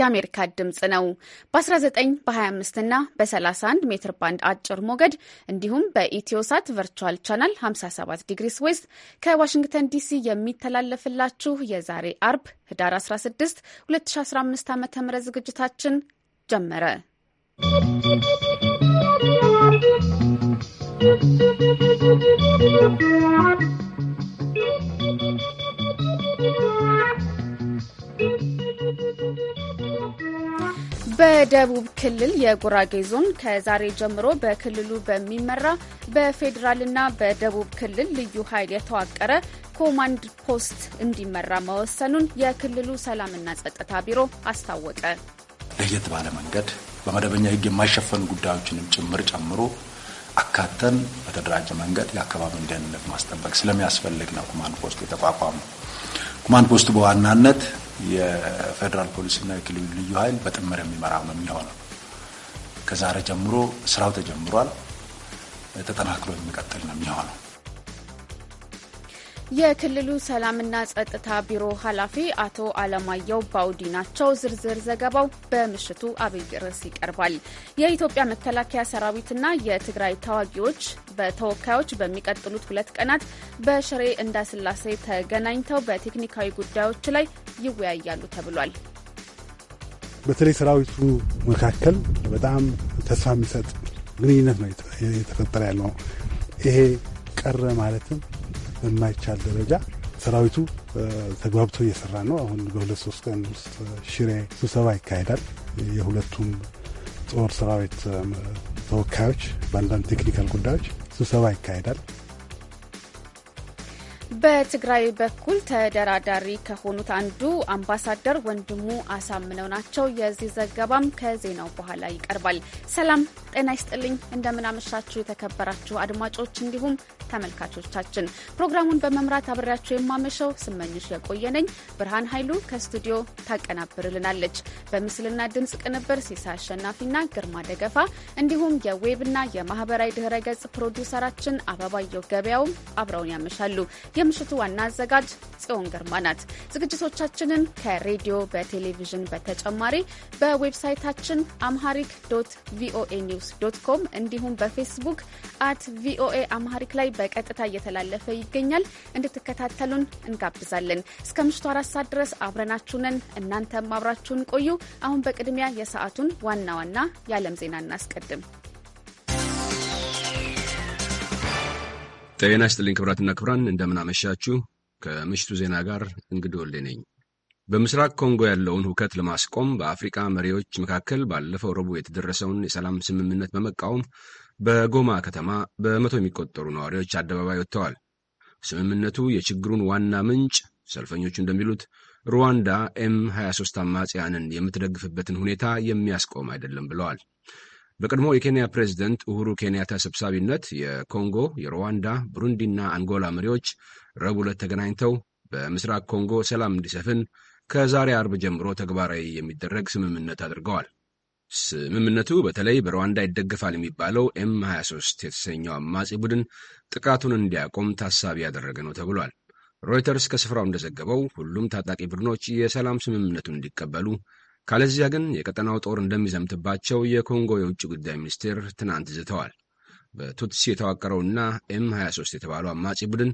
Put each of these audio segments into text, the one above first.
የአሜሪካ ድምፅ ነው። በ19 በ25 እና በ31 ሜትር ባንድ አጭር ሞገድ እንዲሁም በኢትዮሳት ቨርቹዋል ቻናል 57 ዲግሪስ ዌስት ከዋሽንግተን ዲሲ የሚተላለፍላችሁ የዛሬ አርብ ህዳር 16 2015 ዓ ም ዝግጅታችን ጀመረ። ¶¶ በደቡብ ክልል የጉራጌ ዞን ከዛሬ ጀምሮ በክልሉ በሚመራ በፌዴራልና በደቡብ ክልል ልዩ ኃይል የተዋቀረ ኮማንድ ፖስት እንዲመራ መወሰኑን የክልሉ ሰላምና ጸጥታ ቢሮ አስታወቀ። ለየት ባለ መንገድ በመደበኛ ሕግ የማይሸፈኑ ጉዳዮችንም ጭምር ጨምሮ አካተን በተደራጀ መንገድ የአካባቢን ደህንነት ማስጠበቅ ስለሚያስፈልግ ነው ኮማንድ ፖስት የተቋቋመው። ኮማንድ ፖስቱ በዋናነት የፌዴራል ፖሊስና የክልሉ ልዩ ኃይል በጥምር የሚመራው ነው የሚሆነው። ከዛሬ ጀምሮ ስራው ተጀምሯል። ተጠናክሮ የሚቀጥል ነው የሚሆነው። የክልሉ ሰላምና ጸጥታ ቢሮ ኃላፊ አቶ አለማየሁ ባውዲ ናቸው። ዝርዝር ዘገባው በምሽቱ አብይ ርዕስ ይቀርባል። የኢትዮጵያ መከላከያ ሰራዊትና የትግራይ ተዋጊዎች በተወካዮች በሚቀጥሉት ሁለት ቀናት በሽሬ እንዳስላሴ ተገናኝተው በቴክኒካዊ ጉዳዮች ላይ ይወያያሉ ተብሏል። በተለይ ሰራዊቱ መካከል በጣም ተስፋ የሚሰጥ ግንኙነት ነው የተፈጠረ ያለው። ይሄ ቀረ ማለትም በማይቻል ደረጃ ሰራዊቱ ተግባብቶ እየሰራ ነው። አሁን በሁለት ሶስት ቀን ውስጥ ሽሬ ስብሰባ ይካሄዳል። የሁለቱም ጦር ሰራዊት ተወካዮች በአንዳንድ ቴክኒካል ጉዳዮች ስብሰባ ይካሄዳል። በትግራይ በኩል ተደራዳሪ ከሆኑት አንዱ አምባሳደር ወንድሙ አሳምነው ናቸው። የዚህ ዘገባም ከዜናው በኋላ ይቀርባል። ሰላም ጤና ይስጥልኝ። እንደምናመሻችሁ የተከበራችሁ አድማጮች እንዲሁም ተመልካቾቻችን ፕሮግራሙን በመምራት አብሬያችሁ የማመሸው ስመኝሽ የቆየነኝ። ብርሃን ኃይሉ ከስቱዲዮ ታቀናብርልናለች። በምስልና ድምፅ ቅንብር ሲሳ አሸናፊና ግርማ ደገፋ እንዲሁም የዌብና የማህበራዊ ድህረ ገጽ ፕሮዲውሰራችን አበባየው ገበያውም አብረውን ያመሻሉ። የምሽቱ ዋና አዘጋጅ ጽዮን ግርማ ናት። ዝግጅቶቻችንን ከሬዲዮ በቴሌቪዥን በተጨማሪ በዌብሳይታችን አምሃሪክ ዶት ቪኦኤ ኒውስ ዶት ኮም እንዲሁም በፌስቡክ አት ቪኦኤ አምሃሪክ ላይ በቀጥታ እየተላለፈ ይገኛል። እንድትከታተሉን እንጋብዛለን። እስከ ምሽቱ አራት ሰዓት ድረስ አብረናችሁንን እናንተም አብራችሁን ቆዩ። አሁን በቅድሚያ የሰዓቱን ዋና ዋና የዓለም ዜና እናስቀድም። ጤና ይስጥልኝ ክብራትና ክብራን፣ እንደምናመሻችሁ። ከምሽቱ ዜና ጋር እንግዶ ወልዴ ነኝ። በምስራቅ ኮንጎ ያለውን ሁከት ለማስቆም በአፍሪካ መሪዎች መካከል ባለፈው ረቡዕ የተደረሰውን የሰላም ስምምነት በመቃወም በጎማ ከተማ በመቶ የሚቆጠሩ ነዋሪዎች አደባባይ ወጥተዋል። ስምምነቱ የችግሩን ዋና ምንጭ ሰልፈኞቹ እንደሚሉት ሩዋንዳ ኤም 23 አማጽያንን የምትደግፍበትን ሁኔታ የሚያስቆም አይደለም ብለዋል። በቀድሞ የኬንያ ፕሬዝደንት ኡሁሩ ኬንያታ ሰብሳቢነት የኮንጎ፣ የሩዋንዳ፣ ብሩንዲና አንጎላ መሪዎች ረቡዕ ዕለት ተገናኝተው በምስራቅ ኮንጎ ሰላም እንዲሰፍን ከዛሬ አርብ ጀምሮ ተግባራዊ የሚደረግ ስምምነት አድርገዋል። ስምምነቱ በተለይ በሩዋንዳ ይደገፋል የሚባለው ኤም 23 የተሰኘው አማጺ ቡድን ጥቃቱን እንዲያቆም ታሳቢ ያደረገ ነው ተብሏል። ሮይተርስ ከስፍራው እንደዘገበው ሁሉም ታጣቂ ቡድኖች የሰላም ስምምነቱን እንዲቀበሉ ካለዚያ ግን የቀጠናው ጦር እንደሚዘምትባቸው የኮንጎ የውጭ ጉዳይ ሚኒስቴር ትናንት ዝተዋል። በቱትሲ የተዋቀረውና ኤም 23 የተባለው አማጺ ቡድን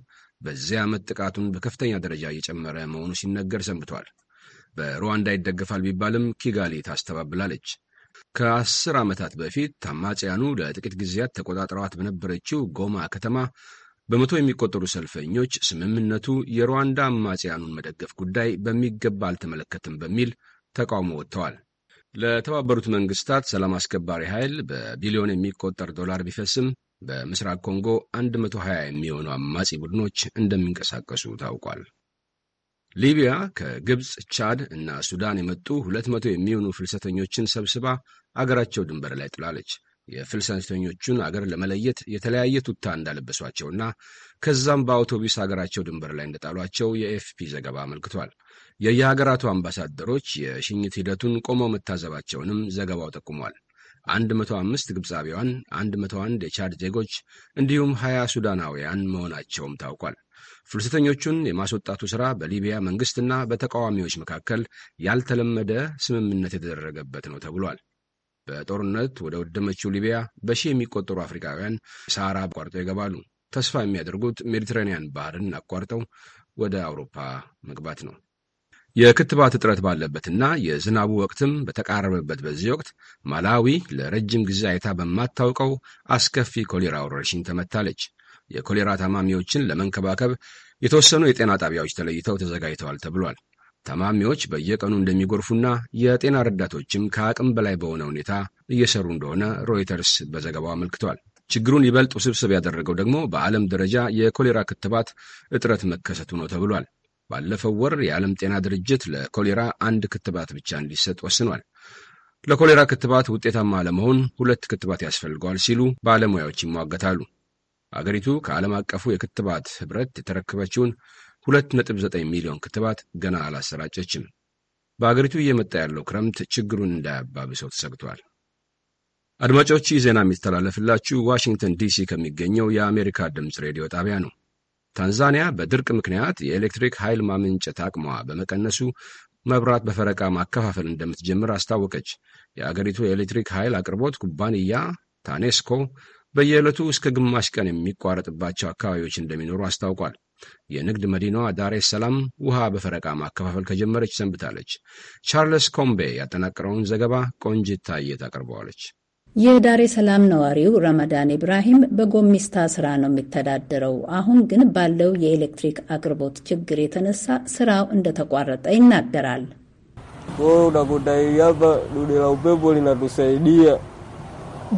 በዚህ ዓመት ጥቃቱን በከፍተኛ ደረጃ እየጨመረ መሆኑ ሲነገር ሰንብቷል። በሩዋንዳ ይደገፋል ቢባልም ኪጋሊ ታስተባብላለች። ከአስር ዓመታት በፊት አማጽያኑ ለጥቂት ጊዜያት ተቆጣጥረዋት በነበረችው ጎማ ከተማ በመቶ የሚቆጠሩ ሰልፈኞች ስምምነቱ የሩዋንዳ አማጽያኑን መደገፍ ጉዳይ በሚገባ አልተመለከትም በሚል ተቃውሞ ወጥተዋል። ለተባበሩት መንግስታት ሰላም አስከባሪ ኃይል በቢሊዮን የሚቆጠር ዶላር ቢፈስም በምስራቅ ኮንጎ 120 የሚሆኑ አማጺ ቡድኖች እንደሚንቀሳቀሱ ታውቋል። ሊቢያ ከግብፅ፣ ቻድ እና ሱዳን የመጡ 200 የሚሆኑ ፍልሰተኞችን ሰብስባ አገራቸው ድንበር ላይ ጥላለች። የፍልሰተኞቹን አገር ለመለየት የተለያየ ቱታ እንዳለበሷቸውና ከዛም በአውቶቡስ አገራቸው ድንበር ላይ እንደጣሏቸው የኤፍፒ ዘገባ አመልክቷል። የየሀገራቱ አምባሳደሮች የሽኝት ሂደቱን ቆመው መታዘባቸውንም ዘገባው ጠቁሟል። 105 ግብፃቢያን፣ 101 የቻድ ዜጎች እንዲሁም 20 ሱዳናውያን መሆናቸውም ታውቋል። ፍልሰተኞቹን የማስወጣቱ ሥራ በሊቢያ መንግሥትና በተቃዋሚዎች መካከል ያልተለመደ ስምምነት የተደረገበት ነው ተብሏል። በጦርነት ወደ ወደመችው ሊቢያ በሺህ የሚቆጠሩ አፍሪካውያን ሳራ አቋርጠው ይገባሉ። ተስፋ የሚያደርጉት ሜዲትራኒያን ባህርን አቋርጠው ወደ አውሮፓ መግባት ነው። የክትባት እጥረት ባለበትና የዝናቡ ወቅትም በተቃረበበት በዚህ ወቅት ማላዊ ለረጅም ጊዜ አይታ በማታውቀው አስከፊ ኮሌራ ወረርሽኝ ተመታለች። የኮሌራ ታማሚዎችን ለመንከባከብ የተወሰኑ የጤና ጣቢያዎች ተለይተው ተዘጋጅተዋል ተብሏል። ታማሚዎች በየቀኑ እንደሚጎርፉና የጤና ረዳቶችም ከአቅም በላይ በሆነ ሁኔታ እየሰሩ እንደሆነ ሮይተርስ በዘገባው አመልክቷል። ችግሩን ይበልጥ ውስብስብ ያደረገው ደግሞ በዓለም ደረጃ የኮሌራ ክትባት እጥረት መከሰቱ ነው ተብሏል። ባለፈው ወር የዓለም ጤና ድርጅት ለኮሌራ አንድ ክትባት ብቻ እንዲሰጥ ወስኗል። ለኮሌራ ክትባት ውጤታማ ለመሆን ሁለት ክትባት ያስፈልገዋል ሲሉ ባለሙያዎች ይሟገታሉ። አገሪቱ ከዓለም አቀፉ የክትባት ኅብረት የተረከበችውን 2.9 ሚሊዮን ክትባት ገና አላሰራጨችም። በአገሪቱ እየመጣ ያለው ክረምት ችግሩን እንዳያባብሰው ተሰግቷል። አድማጮች፣ ዜና የሚተላለፍላችሁ ዋሽንግተን ዲሲ ከሚገኘው የአሜሪካ ድምፅ ሬዲዮ ጣቢያ ነው። ታንዛኒያ በድርቅ ምክንያት የኤሌክትሪክ ኃይል ማመንጨት አቅሟ በመቀነሱ መብራት በፈረቃ ማከፋፈል እንደምትጀምር አስታወቀች። የአገሪቱ የኤሌክትሪክ ኃይል አቅርቦት ኩባንያ ታኔስኮ በየዕለቱ እስከ ግማሽ ቀን የሚቋረጥባቸው አካባቢዎች እንደሚኖሩ አስታውቋል። የንግድ መዲናዋ ዳሬ ሰላም ውሃ በፈረቃ ማከፋፈል ከጀመረች ሰንብታለች። ቻርለስ ኮምቤ ያጠናቀረውን ዘገባ ቆንጂት ታየ ታቀርበዋለች። የዳሬ ሰላም ነዋሪው ረመዳን ኢብራሂም በጎሚስታ ስራ ነው የሚተዳደረው። አሁን ግን ባለው የኤሌክትሪክ አቅርቦት ችግር የተነሳ ስራው እንደተቋረጠ ይናገራል።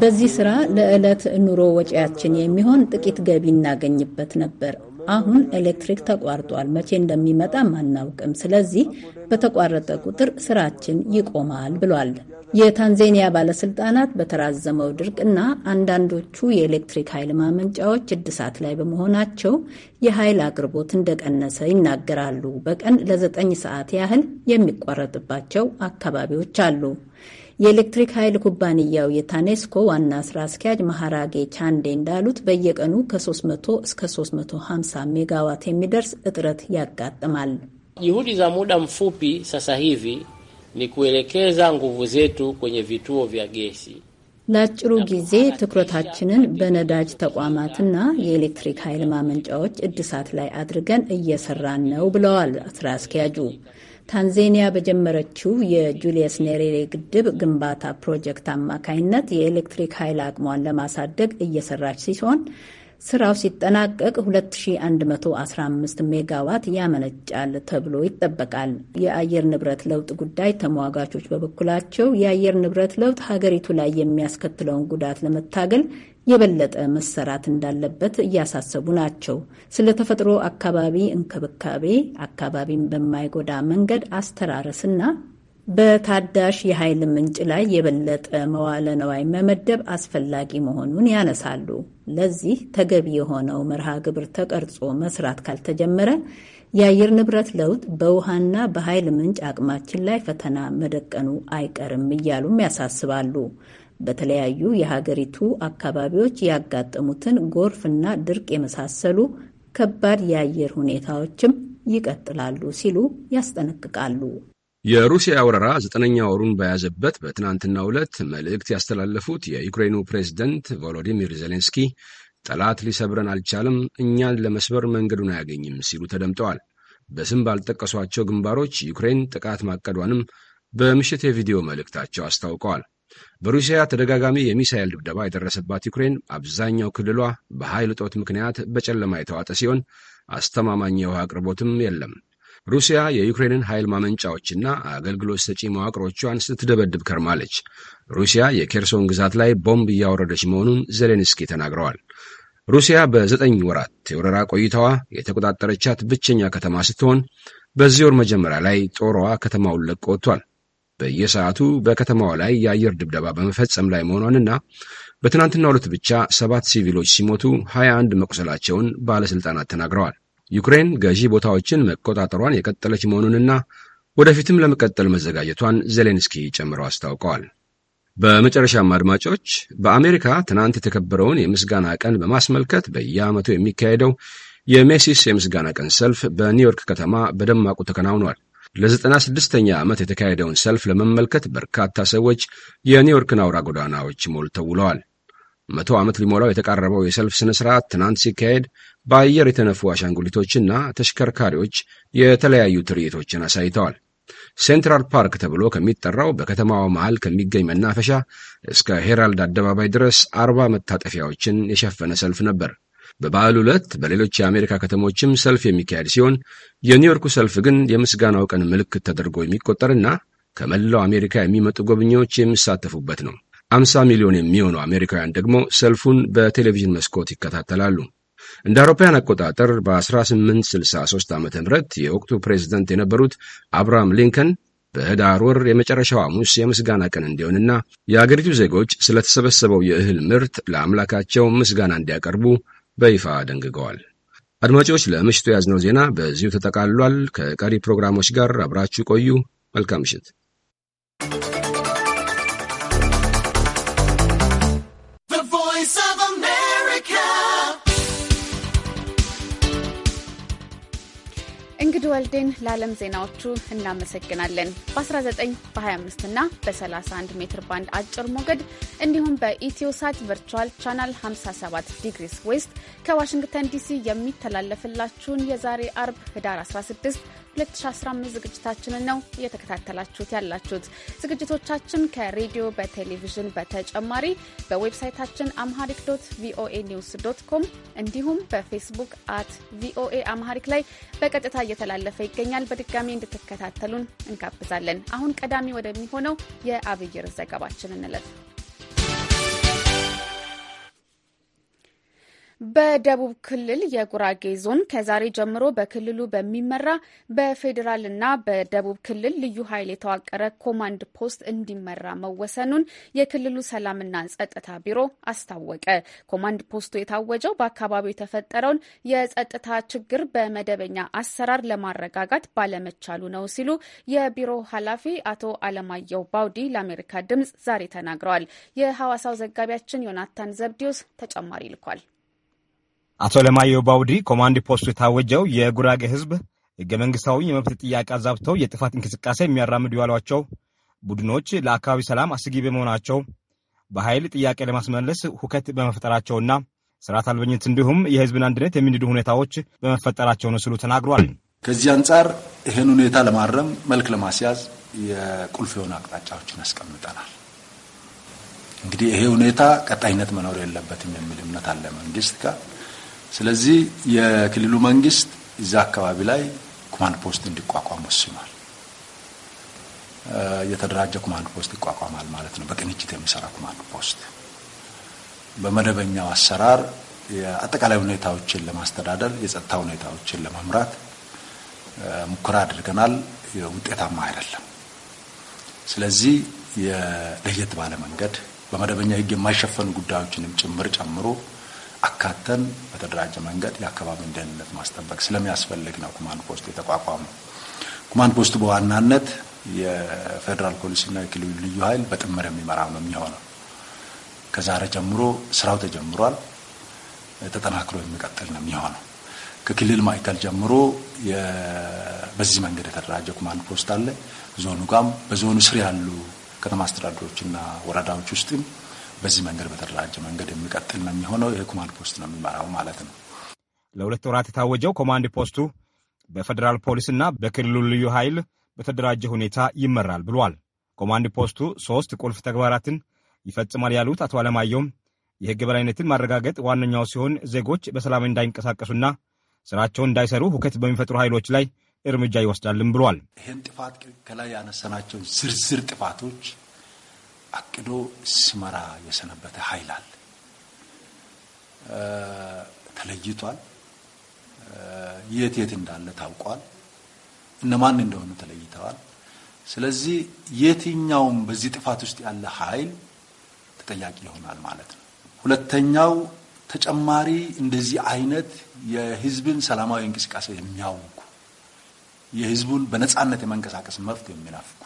በዚህ ስራ ለዕለት ኑሮ ወጪያችን የሚሆን ጥቂት ገቢ እናገኝበት ነበር። አሁን ኤሌክትሪክ ተቋርጧል። መቼ እንደሚመጣም አናውቅም። ስለዚህ በተቋረጠ ቁጥር ስራችን ይቆማል ብሏል። የታንዜኒያ ባለስልጣናት በተራዘመው እና አንዳንዶቹ የኤሌክትሪክ ኃይል ማመንጫዎች እድሳት ላይ በመሆናቸው የኃይል አቅርቦት እንደቀነሰ ይናገራሉ። በቀን ለዘጠኝ ሰዓት ያህል የሚቋረጥባቸው አካባቢዎች አሉ። የኤሌክትሪክ ኃይል ኩባንያው የታኔስኮ ዋና ስራ አስኪያጅ መሐራጌ ቻንዴ እንዳሉት በየቀኑ ከ300 እስከ 350 ሜጋዋት የሚደርስ እጥረት ያጋጥማል። Juhudi za muda mfupi sasa hivi ni kuelekeza nguvu zetu kwenye vituo vya gesi. ለአጭሩ ጊዜ ትኩረታችንን በነዳጅ ተቋማትና የኤሌክትሪክ ኃይል ማመንጫዎች እድሳት ላይ አድርገን እየሰራን ነው ብለዋል ስራ አስኪያጁ። ታንዜኒያ በጀመረችው የጁልየስ ኔሬሬ ግድብ ግንባታ ፕሮጀክት አማካይነት የኤሌክትሪክ ኃይል አቅሟን ለማሳደግ እየሰራች ሲሆን ስራው ሲጠናቀቅ 2115 ሜጋዋት ያመነጫል ተብሎ ይጠበቃል። የአየር ንብረት ለውጥ ጉዳይ ተሟጋቾች በበኩላቸው የአየር ንብረት ለውጥ ሀገሪቱ ላይ የሚያስከትለውን ጉዳት ለመታገል የበለጠ መሰራት እንዳለበት እያሳሰቡ ናቸው። ስለ ተፈጥሮ አካባቢ እንክብካቤ፣ አካባቢን በማይጎዳ መንገድ አስተራረስና በታዳሽ የኃይል ምንጭ ላይ የበለጠ መዋለ ነዋይ መመደብ አስፈላጊ መሆኑን ያነሳሉ። ለዚህ ተገቢ የሆነው መርሃ ግብር ተቀርጾ መስራት ካልተጀመረ የአየር ንብረት ለውጥ በውሃና በኃይል ምንጭ አቅማችን ላይ ፈተና መደቀኑ አይቀርም እያሉም ያሳስባሉ። በተለያዩ የሀገሪቱ አካባቢዎች ያጋጠሙትን ጎርፍና ድርቅ የመሳሰሉ ከባድ የአየር ሁኔታዎችም ይቀጥላሉ ሲሉ ያስጠነቅቃሉ። የሩሲያ ወረራ ዘጠነኛ ወሩን በያዘበት በትናንትናው ዕለት መልእክት ያስተላለፉት የዩክሬኑ ፕሬዚደንት ቮሎዲሚር ዜሌንስኪ ጠላት ሊሰብረን አልቻለም፣ እኛን ለመስበር መንገዱን አያገኝም ሲሉ ተደምጠዋል። በስም ባልጠቀሷቸው ግንባሮች ዩክሬን ጥቃት ማቀዷንም በምሽት የቪዲዮ መልእክታቸው አስታውቀዋል። በሩሲያ ተደጋጋሚ የሚሳኤል ድብደባ የደረሰባት ዩክሬን አብዛኛው ክልሏ በኃይል እጦት ምክንያት በጨለማ የተዋጠ ሲሆን አስተማማኝ የውሃ አቅርቦትም የለም። ሩሲያ የዩክሬንን ኃይል ማመንጫዎችና አገልግሎት ሰጪ መዋቅሮቿን ስትደበድብ ከርማለች። ሩሲያ የኬርሶን ግዛት ላይ ቦምብ እያወረደች መሆኑን ዜሌንስኪ ተናግረዋል። ሩሲያ በዘጠኝ ወራት የወረራ ቆይታዋ የተቆጣጠረቻት ብቸኛ ከተማ ስትሆን በዚህ ወር መጀመሪያ ላይ ጦሯ ከተማውን ለቆ ወጥቷል። በየሰዓቱ በከተማዋ ላይ የአየር ድብደባ በመፈጸም ላይ መሆኗንና በትናንትና ሁለት ብቻ ሰባት ሲቪሎች ሲሞቱ 21 መቁሰላቸውን ባለሥልጣናት ተናግረዋል። ዩክሬን ገዢ ቦታዎችን መቆጣጠሯን የቀጠለች መሆኑንና ወደፊትም ለመቀጠል መዘጋጀቷን ዜሌንስኪ ጨምረው አስታውቀዋል። በመጨረሻም አድማጮች፣ በአሜሪካ ትናንት የተከበረውን የምስጋና ቀን በማስመልከት በየዓመቱ የሚካሄደው የሜሲስ የምስጋና ቀን ሰልፍ በኒውዮርክ ከተማ በደማቁ ተከናውኗል። ለዘጠና ስድስተኛ ዓመት የተካሄደውን ሰልፍ ለመመልከት በርካታ ሰዎች የኒውዮርክን አውራ ጎዳናዎች ሞልተው ውለዋል። መቶ ዓመት ሊሞላው የተቃረበው የሰልፍ ሥነ ሥርዓት ትናንት ሲካሄድ በአየር የተነፉ አሻንጉሊቶችና ተሽከርካሪዎች የተለያዩ ትርኢቶችን አሳይተዋል። ሴንትራል ፓርክ ተብሎ ከሚጠራው በከተማዋ መሃል ከሚገኝ መናፈሻ እስከ ሄራልድ አደባባይ ድረስ አርባ መታጠፊያዎችን የሸፈነ ሰልፍ ነበር። በበዓሉ ዕለት በሌሎች የአሜሪካ ከተሞችም ሰልፍ የሚካሄድ ሲሆን የኒውዮርኩ ሰልፍ ግን የምስጋናው ቀን ምልክት ተደርጎ የሚቆጠርና ከመላው አሜሪካ የሚመጡ ጎብኚዎች የሚሳተፉበት ነው። አምሳ ሚሊዮን የሚሆኑ አሜሪካውያን ደግሞ ሰልፉን በቴሌቪዥን መስኮት ይከታተላሉ። እንደ አውሮፓውያን አቆጣጠር በ1863 ዓ ም የወቅቱ ፕሬዝደንት የነበሩት አብርሃም ሊንከን በህዳር ወር የመጨረሻው ሐሙስ የምስጋና ቀን እንዲሆንና የአገሪቱ ዜጎች ስለተሰበሰበው የእህል ምርት ለአምላካቸው ምስጋና እንዲያቀርቡ በይፋ ደንግገዋል። አድማጮች፣ ለምሽቱ የያዝነው ዜና በዚሁ ተጠቃልሏል። ከቀሪ ፕሮግራሞች ጋር አብራችሁ ቆዩ። መልካም ምሽት። እንግዲህ ወልዴን ለዓለም ዜናዎቹ እናመሰግናለን። በ19 በ25 እና በ31 ሜትር ባንድ አጭር ሞገድ እንዲሁም በኢትዮሳት ቨርቹዋል ቻናል 57 ዲግሪስ ዌስት ከዋሽንግተን ዲሲ የሚተላለፍላችሁን የዛሬ አርብ ህዳር 16 2015 ዝግጅታችንን ነው እየተከታተላችሁት ያላችሁት። ዝግጅቶቻችን ከሬዲዮ በቴሌቪዥን በተጨማሪ በዌብሳይታችን አምሃሪክ ዶት ቪኦኤ ኒውስ ዶት ኮም እንዲሁም በፌስቡክ አት ቪኦኤ አምሃሪክ ላይ በቀጥታ እየተላለፈ ይገኛል። በድጋሚ እንድትከታተሉን እንጋብዛለን። አሁን ቀዳሚ ወደሚሆነው የአብይር ዘገባችን እንለፍ። በደቡብ ክልል የጉራጌ ዞን ከዛሬ ጀምሮ በክልሉ በሚመራ በፌዴራልና በደቡብ ክልል ልዩ ኃይል የተዋቀረ ኮማንድ ፖስት እንዲመራ መወሰኑን የክልሉ ሰላምና ጸጥታ ቢሮ አስታወቀ። ኮማንድ ፖስቱ የታወጀው በአካባቢው የተፈጠረውን የጸጥታ ችግር በመደበኛ አሰራር ለማረጋጋት ባለመቻሉ ነው ሲሉ የቢሮው ኃላፊ አቶ አለማየሁ ባውዲ ለአሜሪካ ድምጽ ዛሬ ተናግረዋል። የሐዋሳው ዘጋቢያችን ዮናታን ዘብዲዮስ ተጨማሪ ይልኳል። አቶ ለማየሁ ባውዲ ኮማንድ ፖስቱ የታወጀው የጉራጌ ህዝብ ህገ መንግስታዊ የመብት ጥያቄ አዛብተው የጥፋት እንቅስቃሴ የሚያራምዱ ያሏቸው ቡድኖች ለአካባቢ ሰላም አስጊ በመሆናቸው በኃይል ጥያቄ ለማስመለስ ሁከት በመፍጠራቸውና ስርዓት አልበኝነት እንዲሁም የህዝብን አንድነት የሚንዱ ሁኔታዎች በመፈጠራቸው ነው ሲሉ ተናግሯል። ከዚህ አንጻር ይህን ሁኔታ ለማረም መልክ ለማስያዝ የቁልፍ የሆኑ አቅጣጫዎችን ያስቀምጠናል። እንግዲህ ይሄ ሁኔታ ቀጣይነት መኖር የለበትም የሚል እምነት አለ መንግስት ጋር ስለዚህ የክልሉ መንግስት እዛ አካባቢ ላይ ኮማንድ ፖስት እንዲቋቋም ወስኗል። የተደራጀ ኮማንድ ፖስት ይቋቋማል ማለት ነው። በቅንጅት የሚሰራ ኮማንድ ፖስት በመደበኛው አሰራር የአጠቃላይ ሁኔታዎችን ለማስተዳደር የጸጥታ ሁኔታዎችን ለመምራት ሙከራ አድርገናል። ውጤታማ አይደለም። ስለዚህ የለየት ባለ መንገድ በመደበኛ ሕግ የማይሸፈኑ ጉዳዮችንም ጭምር ጨምሮ አካተን በተደራጀ መንገድ የአካባቢን ደህንነት ማስጠበቅ ስለሚያስፈልግ ነው ኮማንድ ፖስት የተቋቋመው። ኮማንድ ፖስቱ በዋናነት የፌዴራል ፖሊስና የክልሉ ልዩ ኃይል በጥምር የሚመራ ነው የሚሆነው። ከዛሬ ጀምሮ ስራው ተጀምሯል። ተጠናክሮ የሚቀጥል ነው የሚሆነው። ከክልል ማዕከል ጀምሮ በዚህ መንገድ የተደራጀ ኮማንድ ፖስት አለ። ዞኑ ጋም በዞኑ ስር ያሉ ከተማ አስተዳደሮችና ወረዳዎች ውስጥም በዚህ መንገድ በተደራጀ መንገድ የሚቀጥል ነው የሚሆነው። ይህ ኮማንድ ፖስት ነው የሚመራው ማለት ነው። ለሁለት ወራት የታወጀው ኮማንድ ፖስቱ በፌዴራል ፖሊስና በክልሉ ልዩ ኃይል በተደራጀ ሁኔታ ይመራል ብሏል። ኮማንድ ፖስቱ ሶስት ቁልፍ ተግባራትን ይፈጽማል ያሉት አቶ አለማየሁም የህግ በላይነትን ማረጋገጥ ዋነኛው ሲሆን ዜጎች በሰላም እንዳይንቀሳቀሱና ስራቸውን እንዳይሰሩ ሁከት በሚፈጥሩ ኃይሎች ላይ እርምጃ ይወስዳልም ብሏል። ይህን ጥፋት ከላይ ያነሰናቸው ዝርዝር ጥፋቶች አቅዶ ሲመራ የሰነበተ ኃይል አለ። ተለይቷል። የት የት እንዳለ ታውቋል። እነማን እንደሆኑ ተለይተዋል። ስለዚህ የትኛውም በዚህ ጥፋት ውስጥ ያለ ኃይል ተጠያቂ ይሆናል ማለት ነው። ሁለተኛው ተጨማሪ እንደዚህ አይነት የህዝብን ሰላማዊ እንቅስቃሴ የሚያውኩ የህዝቡን በነጻነት የመንቀሳቀስ መብት የሚናፍቁ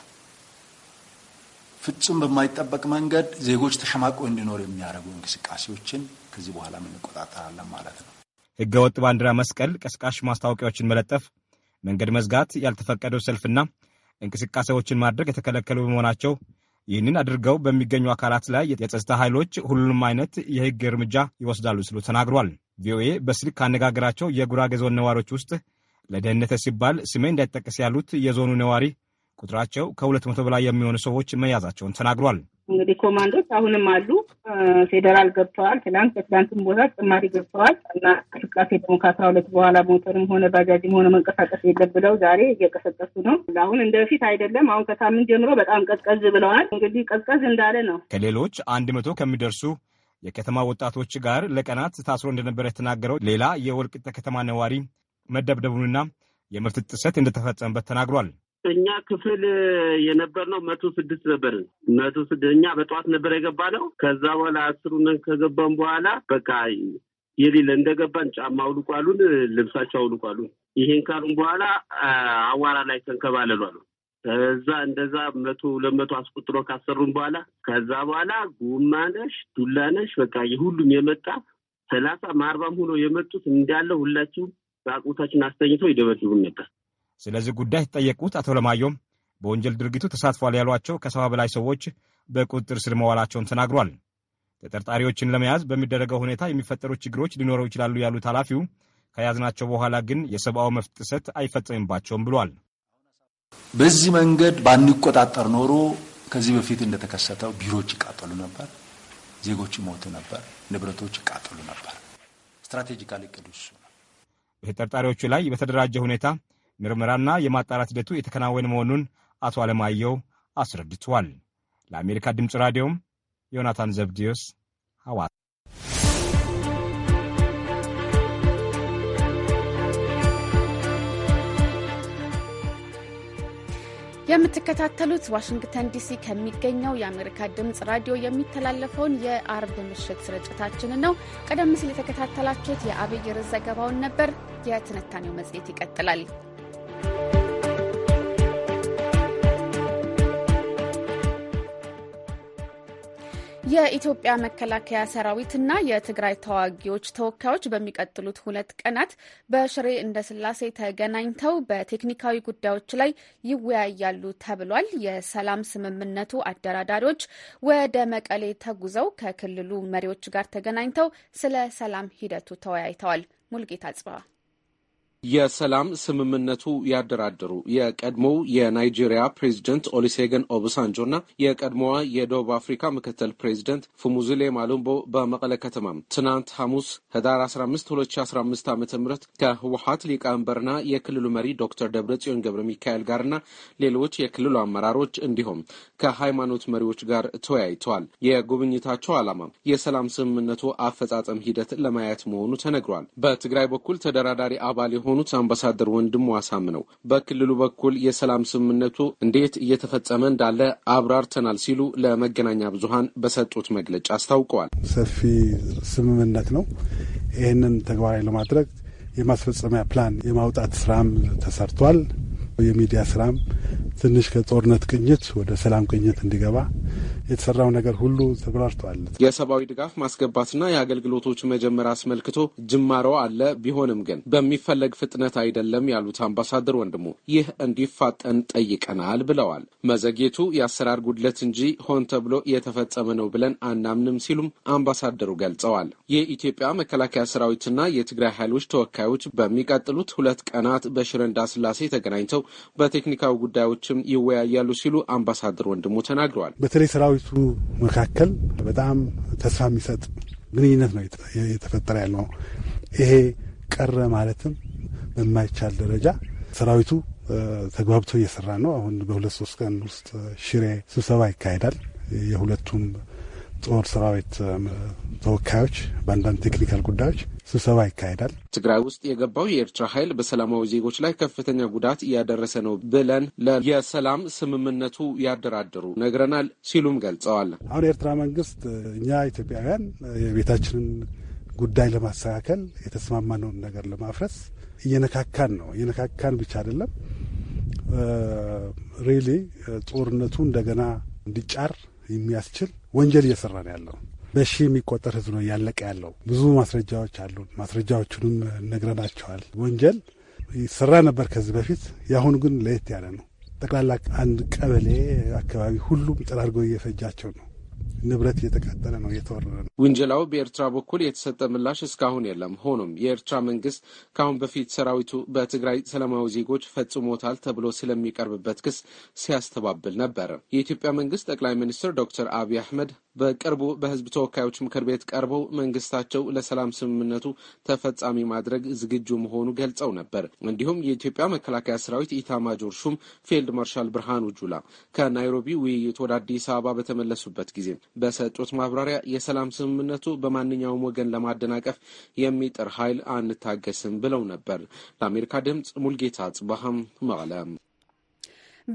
ፍጹም በማይጠበቅ መንገድ ዜጎች ተሸማቆ እንዲኖር የሚያደርጉ እንቅስቃሴዎችን ከዚህ በኋላ እንቆጣጠራለን ማለት ነው። ህገወጥ ባንዲራ መስቀል፣ ቀስቃሽ ማስታወቂያዎችን መለጠፍ፣ መንገድ መዝጋት፣ ያልተፈቀደው ሰልፍና እንቅስቃሴዎችን ማድረግ የተከለከሉ በመሆናቸው ይህንን አድርገው በሚገኙ አካላት ላይ የጸጥታ ኃይሎች ሁሉንም አይነት የህግ እርምጃ ይወስዳሉ ሲሉ ተናግሯል። ቪኦኤ በስልክ ካነጋገራቸው የጉራጌ ዞን ነዋሪዎች ውስጥ ለደህንነት ሲባል ስሜ እንዳይጠቀስ ያሉት የዞኑ ነዋሪ ቁጥራቸው ከሁለት መቶ በላይ የሚሆኑ ሰዎች መያዛቸውን ተናግሯል። እንግዲህ ኮማንዶች አሁንም አሉ። ፌዴራል ገብተዋል። ትላንት ከትላንትም ቦታ ጭማሪ ገብተዋል እና እንቅስቃሴ ደግሞ ከአስራ ሁለት በኋላ ሞተርም ሆነ ባጃጅም ሆነ መንቀሳቀስ የለም ብለው ዛሬ እየቀሰቀሱ ነው። አሁን እንደ አይደለም። አሁን ከሳምንት ጀምሮ በጣም ቀዝቀዝ ብለዋል። እንግዲህ ቀዝቀዝ እንዳለ ነው። ከሌሎች አንድ መቶ ከሚደርሱ የከተማ ወጣቶች ጋር ለቀናት ታስሮ እንደነበረ የተናገረው ሌላ የወልቂጤ ከተማ ነዋሪ መደብደቡንና የመብት ጥሰት እንደተፈጸመበት ተናግሯል። እኛ ክፍል የነበርነው መቶ ስድስት ነበር። መቶ ስድስት እኛ በጠዋት ነበር የገባ ነው። ከዛ በኋላ ነን ከገባን በኋላ በቃ የሌለ እንደገባን ጫማ አውልቁ አሉን፣ ልብሳቸው አውልቁ አሉን። ይሄን ካሉን በኋላ አዋራ ላይ ተንከባለሉ አሉ። ከዛ እንደዛ መቶ ለመቶ አስቆጥሮ ካሰሩን በኋላ ከዛ በኋላ ጎማነሽ ዱላነሽ በቃ የሁሉም የመጣ ሰላሳ ማርባም ሆኖ የመጡት እንዳለ ሁላችሁም በአቁታችን አስተኝተው ይደበድቡን ነበር። ስለዚህ ጉዳይ የተጠየቁት አቶ ለማየሁም በወንጀል ድርጊቱ ተሳትፏል ያሏቸው ከሰባ በላይ ሰዎች በቁጥጥር ስር መዋላቸውን ተናግሯል። ተጠርጣሪዎችን ለመያዝ በሚደረገው ሁኔታ የሚፈጠሩ ችግሮች ሊኖረው ይችላሉ ያሉት ኃላፊው ከያዝናቸው በኋላ ግን የሰብአዊ መብት ጥሰት አይፈጸምባቸውም ብሏል። በዚህ መንገድ ባንቆጣጠር ኖሮ ከዚህ በፊት እንደተከሰተው ቢሮዎች ይቃጠሉ ነበር፣ ዜጎች ይሞቱ ነበር፣ ንብረቶች ይቃጠሉ ነበር። ስትራቴጂካል እቅዱ እሱ ነው። በተጠርጣሪዎቹ ላይ በተደራጀ ሁኔታ ምርመራና የማጣራት ሂደቱ የተከናወነ መሆኑን አቶ አለማየሁ አስረድቷል። ለአሜሪካ ድምፅ ራዲዮም ዮናታን ዘብዲዮስ ሐዋሳ። የምትከታተሉት ዋሽንግተን ዲሲ ከሚገኘው የአሜሪካ ድምፅ ራዲዮ የሚተላለፈውን የአርብ ምሽት ስርጭታችን ነው። ቀደም ሲል የተከታተላችሁት የአብይር ዘገባውን ነበር። የትንታኔው መጽሔት ይቀጥላል። የኢትዮጵያ መከላከያ ሰራዊትና የትግራይ ተዋጊዎች ተወካዮች በሚቀጥሉት ሁለት ቀናት በሽሬ እንደ ስላሴ ተገናኝተው በቴክኒካዊ ጉዳዮች ላይ ይወያያሉ ተብሏል። የሰላም ስምምነቱ አደራዳሪዎች ወደ መቀሌ ተጉዘው ከክልሉ መሪዎች ጋር ተገናኝተው ስለ ሰላም ሂደቱ ተወያይተዋል። ሙልጌታ ጽበዋ የሰላም ስምምነቱ ያደራደሩ የቀድሞው የናይጄሪያ ፕሬዚደንት ኦሊሴገን ኦብሳንጆ እና የቀድሞዋ የደቡብ አፍሪካ ምክትል ፕሬዚደንት ፉሙዝሌ ማሉምቦ በመቀለ ከተማ ትናንት ሐሙስ ህዳር 15 2015 ዓ ም ከህወሀት ሊቀመንበርና የክልሉ መሪ ዶክተር ደብረጽዮን ገብረ ሚካኤል ጋርና ሌሎች የክልሉ አመራሮች እንዲሁም ከሃይማኖት መሪዎች ጋር ተወያይተዋል። የጉብኝታቸው ዓላማ የሰላም ስምምነቱ አፈጻጸም ሂደት ለማየት መሆኑ ተነግሯል። በትግራይ በኩል ተደራዳሪ አባል የሆኑት አምባሳደር ወንድሙ አሳምነው በክልሉ በኩል የሰላም ስምምነቱ እንዴት እየተፈጸመ እንዳለ አብራርተናል ሲሉ ለመገናኛ ብዙኃን በሰጡት መግለጫ አስታውቀዋል። ሰፊ ስምምነት ነው። ይህንን ተግባራዊ ለማድረግ የማስፈጸሚያ ፕላን የማውጣት ስራም ተሰርቷል። የሚዲያ ስራም ትንሽ ከጦርነት ቅኝት ወደ ሰላም ቅኝት እንዲገባ የተሰራው ነገር ሁሉ ተብራርተዋል። የሰብአዊ ድጋፍ ማስገባትና የአገልግሎቶች መጀመር አስመልክቶ ጅማሮ አለ። ቢሆንም ግን በሚፈለግ ፍጥነት አይደለም ያሉት አምባሳደር ወንድሙ ይህ እንዲፋጠን ጠይቀናል ብለዋል። መዘግየቱ የአሰራር ጉድለት እንጂ ሆን ተብሎ የተፈጸመ ነው ብለን አናምንም ሲሉም አምባሳደሩ ገልጸዋል። የኢትዮጵያ መከላከያ ሰራዊትና የትግራይ ኃይሎች ተወካዮች በሚቀጥሉት ሁለት ቀናት በሽረ እንዳስላሴ ተገናኝተው በቴክኒካዊ ጉዳዮችም ይወያያሉ ሲሉ አምባሳደር ወንድሙ ተናግረዋል። በተለይ ሰራዊ በሰራዊቱ መካከል በጣም ተስፋ የሚሰጥ ግንኙነት ነው የተፈጠረ ያለው። ይሄ ቀረ ማለትም በማይቻል ደረጃ ሰራዊቱ ተግባብቶ እየሰራ ነው። አሁን በሁለት ሶስት ቀን ውስጥ ሽሬ ስብሰባ ይካሄዳል። የሁለቱም ጦር ሰራዊት ተወካዮች በአንዳንድ ቴክኒካል ጉዳዮች ስብሰባ ይካሄዳል። ትግራይ ውስጥ የገባው የኤርትራ ኃይል በሰላማዊ ዜጎች ላይ ከፍተኛ ጉዳት እያደረሰ ነው ብለን የሰላም ስምምነቱ ያደራደሩ ነግረናል ሲሉም ገልጸዋል። አሁን የኤርትራ መንግስት እኛ ኢትዮጵያውያን የቤታችንን ጉዳይ ለማስተካከል የተስማማነውን ነገር ለማፍረስ እየነካካን ነው። እየነካካን ብቻ አይደለም ሪሊ ጦርነቱ እንደገና እንዲጫር የሚያስችል ወንጀል እየሰራ ነው ያለው። በሺ የሚቆጠር ህዝብ ነው እያለቀ ያለው። ብዙ ማስረጃዎች አሉ። ማስረጃዎቹንም ነግረናቸዋል። ወንጀል ይሰራ ነበር ከዚህ በፊት። የአሁኑ ግን ለየት ያለ ነው። ጠቅላላ አንድ ቀበሌ አካባቢ ሁሉም ጠራርገው እየፈጃቸው ነው። ንብረት እየተቃጠለ ነው፣ እየተወረረ ነው። ውንጀላው በኤርትራ በኩል የተሰጠ ምላሽ እስካሁን የለም። ሆኖም የኤርትራ መንግስት ከአሁን በፊት ሰራዊቱ በትግራይ ሰላማዊ ዜጎች ፈጽሞታል ተብሎ ስለሚቀርብበት ክስ ሲያስተባብል ነበር። የኢትዮጵያ መንግስት ጠቅላይ ሚኒስትር ዶክተር አብይ አህመድ በቅርቡ በህዝብ ተወካዮች ምክር ቤት ቀርበው መንግስታቸው ለሰላም ስምምነቱ ተፈጻሚ ማድረግ ዝግጁ መሆኑ ገልጸው ነበር። እንዲሁም የኢትዮጵያ መከላከያ ሰራዊት ኢታማጆር ሹም ፊልድ ማርሻል ብርሃኑ ጁላ ከናይሮቢ ውይይት ወደ አዲስ አበባ በተመለሱበት ጊዜ በሰጡት ማብራሪያ የሰላም ስምምነቱ በማንኛውም ወገን ለማደናቀፍ የሚጥር ኃይል አንታገስም ብለው ነበር። ለአሜሪካ ድምፅ ሙልጌታ ጽባሃም መቀለም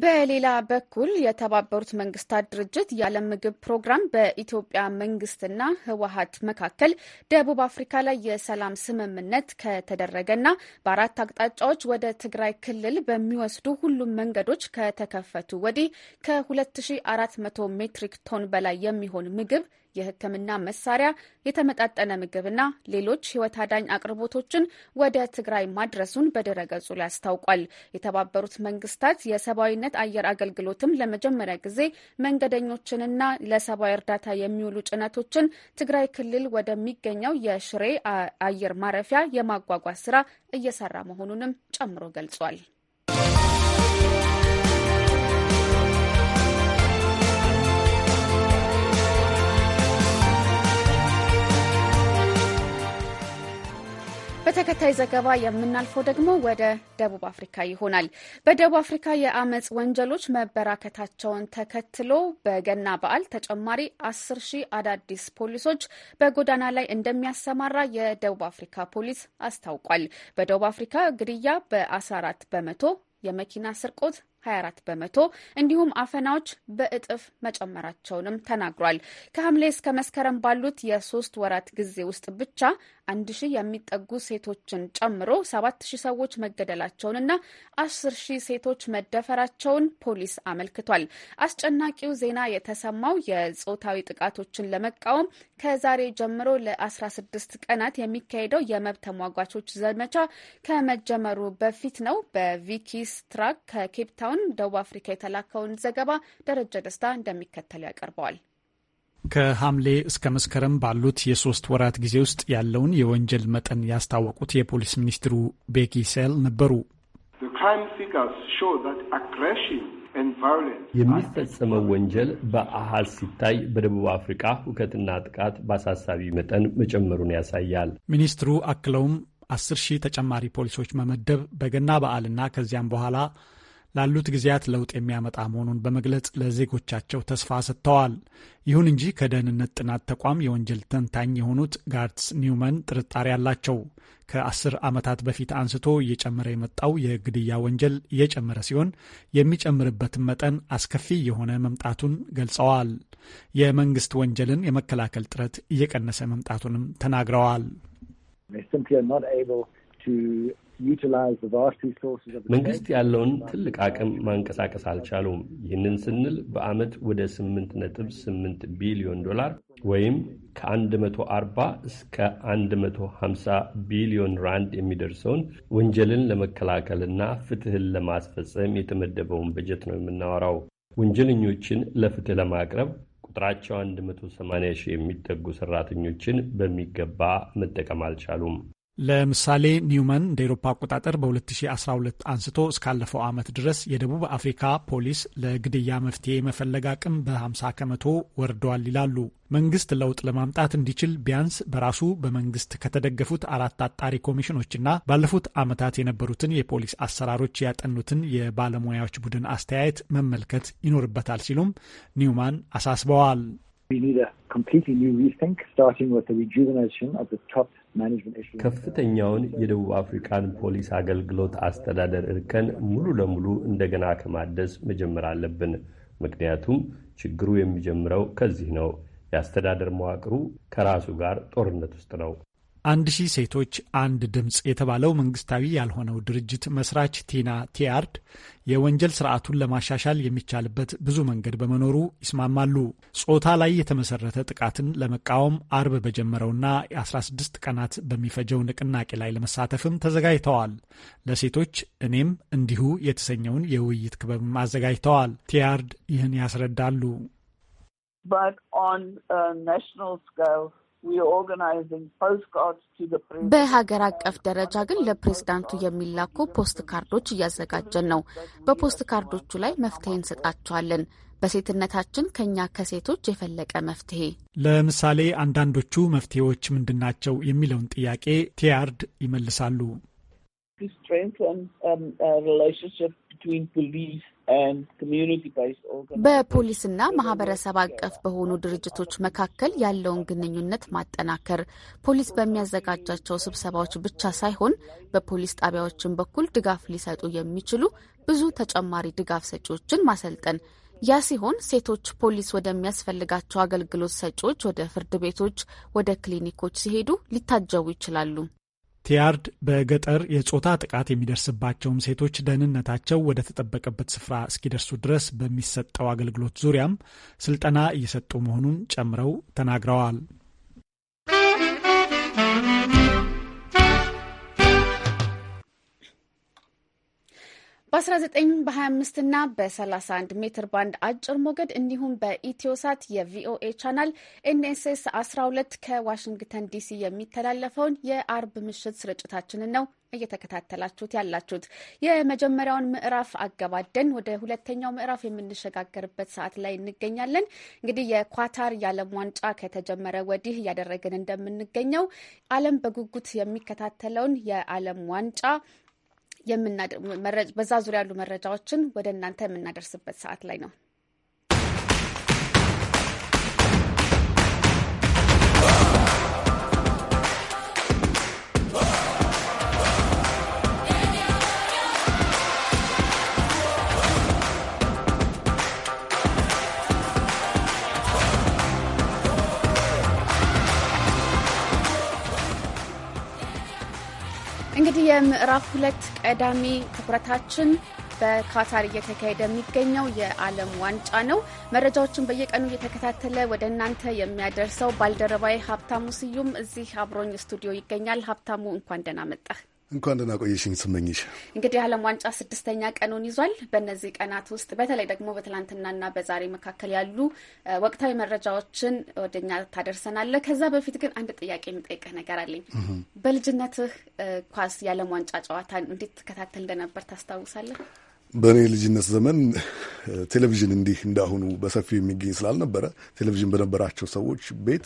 በሌላ በኩል የተባበሩት መንግስታት ድርጅት የዓለም ምግብ ፕሮግራም በኢትዮጵያ መንግስትና ህወሀት መካከል ደቡብ አፍሪካ ላይ የሰላም ስምምነት ከተደረገና በአራት አቅጣጫዎች ወደ ትግራይ ክልል በሚወስዱ ሁሉም መንገዶች ከተከፈቱ ወዲህ ከ2400 ሜትሪክ ቶን በላይ የሚሆን ምግብ የሕክምና መሳሪያ፣ የተመጣጠነ ምግብና ሌሎች ህይወት አዳኝ አቅርቦቶችን ወደ ትግራይ ማድረሱን በድረገጹ ላይ አስታውቋል። የተባበሩት መንግስታት የሰብአዊነት አየር አገልግሎትም ለመጀመሪያ ጊዜ መንገደኞችንና ለሰብአዊ እርዳታ የሚውሉ ጭነቶችን ትግራይ ክልል ወደሚገኘው የሽሬ አየር ማረፊያ የማጓጓዝ ስራ እየሰራ መሆኑንም ጨምሮ ገልጿል። በተከታይ ዘገባ የምናልፈው ደግሞ ወደ ደቡብ አፍሪካ ይሆናል። በደቡብ አፍሪካ የአመፅ ወንጀሎች መበራከታቸውን ተከትሎ በገና በዓል ተጨማሪ አስር ሺህ አዳዲስ ፖሊሶች በጎዳና ላይ እንደሚያሰማራ የደቡብ አፍሪካ ፖሊስ አስታውቋል። በደቡብ አፍሪካ ግድያ በ14 በመቶ የመኪና ስርቆት 24 በመቶ እንዲሁም አፈናዎች በእጥፍ መጨመራቸውንም ተናግሯል። ከሐምሌ እስከ መስከረም ባሉት የሶስት ወራት ጊዜ ውስጥ ብቻ አንድ ሺህ የሚጠጉ ሴቶችን ጨምሮ ሰባት ሺህ ሰዎች መገደላቸውንና አስር ሺህ ሴቶች መደፈራቸውን ፖሊስ አመልክቷል። አስጨናቂው ዜና የተሰማው የጾታዊ ጥቃቶችን ለመቃወም ከዛሬ ጀምሮ ለ16 ቀናት የሚካሄደው የመብት ተሟጓቾች ዘመቻ ከመጀመሩ በፊት ነው። በቪኪስ ትራክ ከኬፕታውን ደቡብ አፍሪካ የተላከውን ዘገባ ደረጀ ደስታ እንደሚከተል ያቀርበዋል። ከሐምሌ እስከ መስከረም ባሉት የሶስት ወራት ጊዜ ውስጥ ያለውን የወንጀል መጠን ያስታወቁት የፖሊስ ሚኒስትሩ ቤኪ ሴል ነበሩ። የሚፈጸመው ወንጀል በአሃዝ ሲታይ በደቡብ አፍሪካ ሁከትና ጥቃት በአሳሳቢ መጠን መጨመሩን ያሳያል። ሚኒስትሩ አክለውም አስር ሺህ ተጨማሪ ፖሊሶች መመደብ በገና በዓልና ከዚያም በኋላ ላሉት ጊዜያት ለውጥ የሚያመጣ መሆኑን በመግለጽ ለዜጎቻቸው ተስፋ ሰጥተዋል። ይሁን እንጂ ከደህንነት ጥናት ተቋም የወንጀል ተንታኝ የሆኑት ጋርትስ ኒውመን ጥርጣሬ አላቸው። ከአስር ዓመታት በፊት አንስቶ እየጨመረ የመጣው የግድያ ወንጀል እየጨመረ ሲሆን የሚጨምርበትን መጠን አስከፊ የሆነ መምጣቱን ገልጸዋል። የመንግስት ወንጀልን የመከላከል ጥረት እየቀነሰ መምጣቱንም ተናግረዋል። መንግስት ያለውን ትልቅ አቅም ማንቀሳቀስ አልቻሉም። ይህንን ስንል በዓመት ወደ 8.8 ቢሊዮን ዶላር ወይም ከ140 እስከ 150 ቢሊዮን ራንድ የሚደርሰውን ወንጀልን ለመከላከልና ፍትህን ለማስፈጸም የተመደበውን በጀት ነው የምናወራው። ወንጀለኞችን ለፍትህ ለማቅረብ ቁጥራቸው 180 ሺህ የሚጠጉ ሰራተኞችን በሚገባ መጠቀም አልቻሉም። ለምሳሌ ኒውመን እንደ ኤሮፓ አቆጣጠር በ2012 አንስቶ እስካለፈው ዓመት ድረስ የደቡብ አፍሪካ ፖሊስ ለግድያ መፍትሄ የመፈለግ አቅም በ50 ከመቶ ወርደዋል ይላሉ። መንግስት ለውጥ ለማምጣት እንዲችል ቢያንስ በራሱ በመንግስት ከተደገፉት አራት አጣሪ ኮሚሽኖችና ባለፉት ዓመታት የነበሩትን የፖሊስ አሰራሮች ያጠኑትን የባለሙያዎች ቡድን አስተያየት መመልከት ይኖርበታል ሲሉም ኒውማን አሳስበዋል። ከፍተኛውን የደቡብ አፍሪካን ፖሊስ አገልግሎት አስተዳደር እርከን ሙሉ ለሙሉ እንደገና ከማደስ መጀመር አለብን። ምክንያቱም ችግሩ የሚጀምረው ከዚህ ነው። የአስተዳደር መዋቅሩ ከራሱ ጋር ጦርነት ውስጥ ነው። አንድ ሺህ ሴቶች አንድ ድምፅ የተባለው መንግስታዊ ያልሆነው ድርጅት መስራች ቲና ቲያርድ የወንጀል ስርዓቱን ለማሻሻል የሚቻልበት ብዙ መንገድ በመኖሩ ይስማማሉ። ጾታ ላይ የተመሰረተ ጥቃትን ለመቃወም አርብ በጀመረውና የ16 ቀናት በሚፈጀው ንቅናቄ ላይ ለመሳተፍም ተዘጋጅተዋል። ለሴቶች እኔም እንዲሁ የተሰኘውን የውይይት ክበብም አዘጋጅተዋል። ቲያርድ ይህን ያስረዳሉ። uh, በሀገር አቀፍ ደረጃ ግን ለፕሬዝዳንቱ የሚላኩ ፖስት ካርዶች እያዘጋጀን ነው። በፖስት ካርዶቹ ላይ መፍትሄ እንሰጣቸዋለን። በሴትነታችን ከኛ ከሴቶች የፈለቀ መፍትሄ ለምሳሌ አንዳንዶቹ መፍትሄዎች ምንድን ናቸው የሚለውን ጥያቄ ቲያርድ ይመልሳሉ። በፖሊስና ማህበረሰብ አቀፍ በሆኑ ድርጅቶች መካከል ያለውን ግንኙነት ማጠናከር ፖሊስ በሚያዘጋጃቸው ስብሰባዎች ብቻ ሳይሆን በፖሊስ ጣቢያዎችን በኩል ድጋፍ ሊሰጡ የሚችሉ ብዙ ተጨማሪ ድጋፍ ሰጪዎችን ማሰልጠን ያ ሲሆን ሴቶች ፖሊስ ወደሚያስፈልጋቸው አገልግሎት ሰጪዎች፣ ወደ ፍርድ ቤቶች፣ ወደ ክሊኒኮች ሲሄዱ ሊታጀቡ ይችላሉ። ቲያርድ በገጠር የጾታ ጥቃት የሚደርስባቸውም ሴቶች ደህንነታቸው ወደ ተጠበቀበት ስፍራ እስኪደርሱ ድረስ በሚሰጠው አገልግሎት ዙሪያም ስልጠና እየሰጡ መሆኑን ጨምረው ተናግረዋል። በ19 በ25 እና በ31 ሜትር ባንድ አጭር ሞገድ እንዲሁም በኢትዮሳት የቪኦኤ ቻናል ኤንኤስኤስ 12 ከዋሽንግተን ዲሲ የሚተላለፈውን የአርብ ምሽት ስርጭታችንን ነው እየተከታተላችሁት ያላችሁት። የመጀመሪያውን ምዕራፍ አገባደን ወደ ሁለተኛው ምዕራፍ የምንሸጋገርበት ሰዓት ላይ እንገኛለን። እንግዲህ የኳታር የዓለም ዋንጫ ከተጀመረ ወዲህ እያደረግን እንደምንገኘው ዓለም በጉጉት የሚከታተለውን የዓለም ዋንጫ በዛ ዙሪያ ያሉ መረጃዎችን ወደ እናንተ የምናደርስበት ሰዓት ላይ ነው። እንግዲህ የምዕራፍ ሁለት ቀዳሚ ትኩረታችን በካታር እየተካሄደ የሚገኘው የዓለም ዋንጫ ነው። መረጃዎችን በየቀኑ እየተከታተለ ወደ እናንተ የሚያደርሰው ባልደረባዬ ሀብታሙ ስዩም እዚህ አብሮኝ ስቱዲዮ ይገኛል። ሀብታሙ እንኳን ደህና መጣህ። እንኳን ደህና ቆየሽኝ ስመኝሽ። እንግዲህ የዓለም ዋንጫ ስድስተኛ ቀኑን ይዟል። በእነዚህ ቀናት ውስጥ በተለይ ደግሞ በትላንትናና በዛሬ መካከል ያሉ ወቅታዊ መረጃዎችን ወደኛ ታደርሰናለ። ከዛ በፊት ግን አንድ ጥያቄ የሚጠይቀ ነገር አለኝ። በልጅነትህ ኳስ የዓለም ዋንጫ ጨዋታ እንዴት ትከታተል እንደነበር ታስታውሳለህ? በእኔ ልጅነት ዘመን ቴሌቪዥን እንዲህ እንዳሁኑ በሰፊው የሚገኝ ስላልነበረ ቴሌቪዥን በነበራቸው ሰዎች ቤት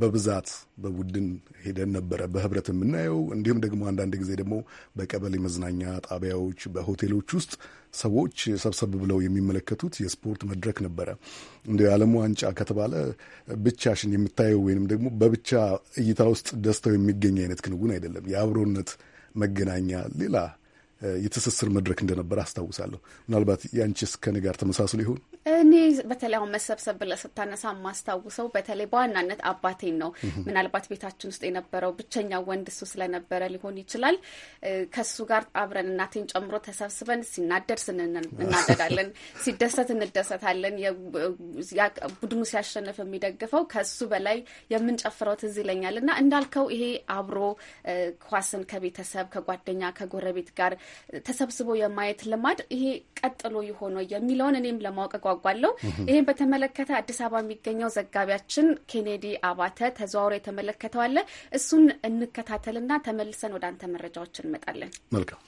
በብዛት በቡድን ሄደን ነበረ በህብረት የምናየው። እንዲሁም ደግሞ አንዳንድ ጊዜ ደግሞ በቀበሌ መዝናኛ ጣቢያዎች፣ በሆቴሎች ውስጥ ሰዎች ሰብሰብ ብለው የሚመለከቱት የስፖርት መድረክ ነበረ። እንደ የዓለም ዋንጫ ከተባለ ብቻሽን የምታየው ወይንም ደግሞ በብቻ እይታ ውስጥ ደስታው የሚገኝ አይነት ክንውን አይደለም። የአብሮነት መገናኛ ሌላ የትስስር መድረክ እንደነበር አስታውሳለሁ። ምናልባት ያንቺስ ከኔ ጋር ተመሳስሎ ይሆን? እኔ በተለይ አሁን መሰብሰብ ብለህ ስታነሳ የማስታውሰው በተለይ በዋናነት አባቴን ነው። ምናልባት ቤታችን ውስጥ የነበረው ብቸኛ ወንድ እሱ ስለነበረ ሊሆን ይችላል። ከሱ ጋር አብረን እናቴን ጨምሮ ተሰብስበን ሲናደድ እናደዳለን፣ ሲደሰት እንደሰታለን። ቡድኑ ሲያሸንፍ የሚደግፈው ከሱ በላይ የምንጨፍረው ትዝ ይለኛል እና እንዳልከው ይሄ አብሮ ኳስን ከቤተሰብ ከጓደኛ ከጎረቤት ጋር ተሰብስቦ የማየት ልማድ ይሄ ቀጥሎ ይሆን የሚለውን እኔም ለማወቅ እጓጓለሁ። ይህን በተመለከተ አዲስ አበባ የሚገኘው ዘጋቢያችን ኬኔዲ አባተ ተዘዋውሮ የተመለከተው አለ። እሱን እንከታተልና ተመልሰን ወደ አንተ መረጃዎች እንመጣለን። መልካም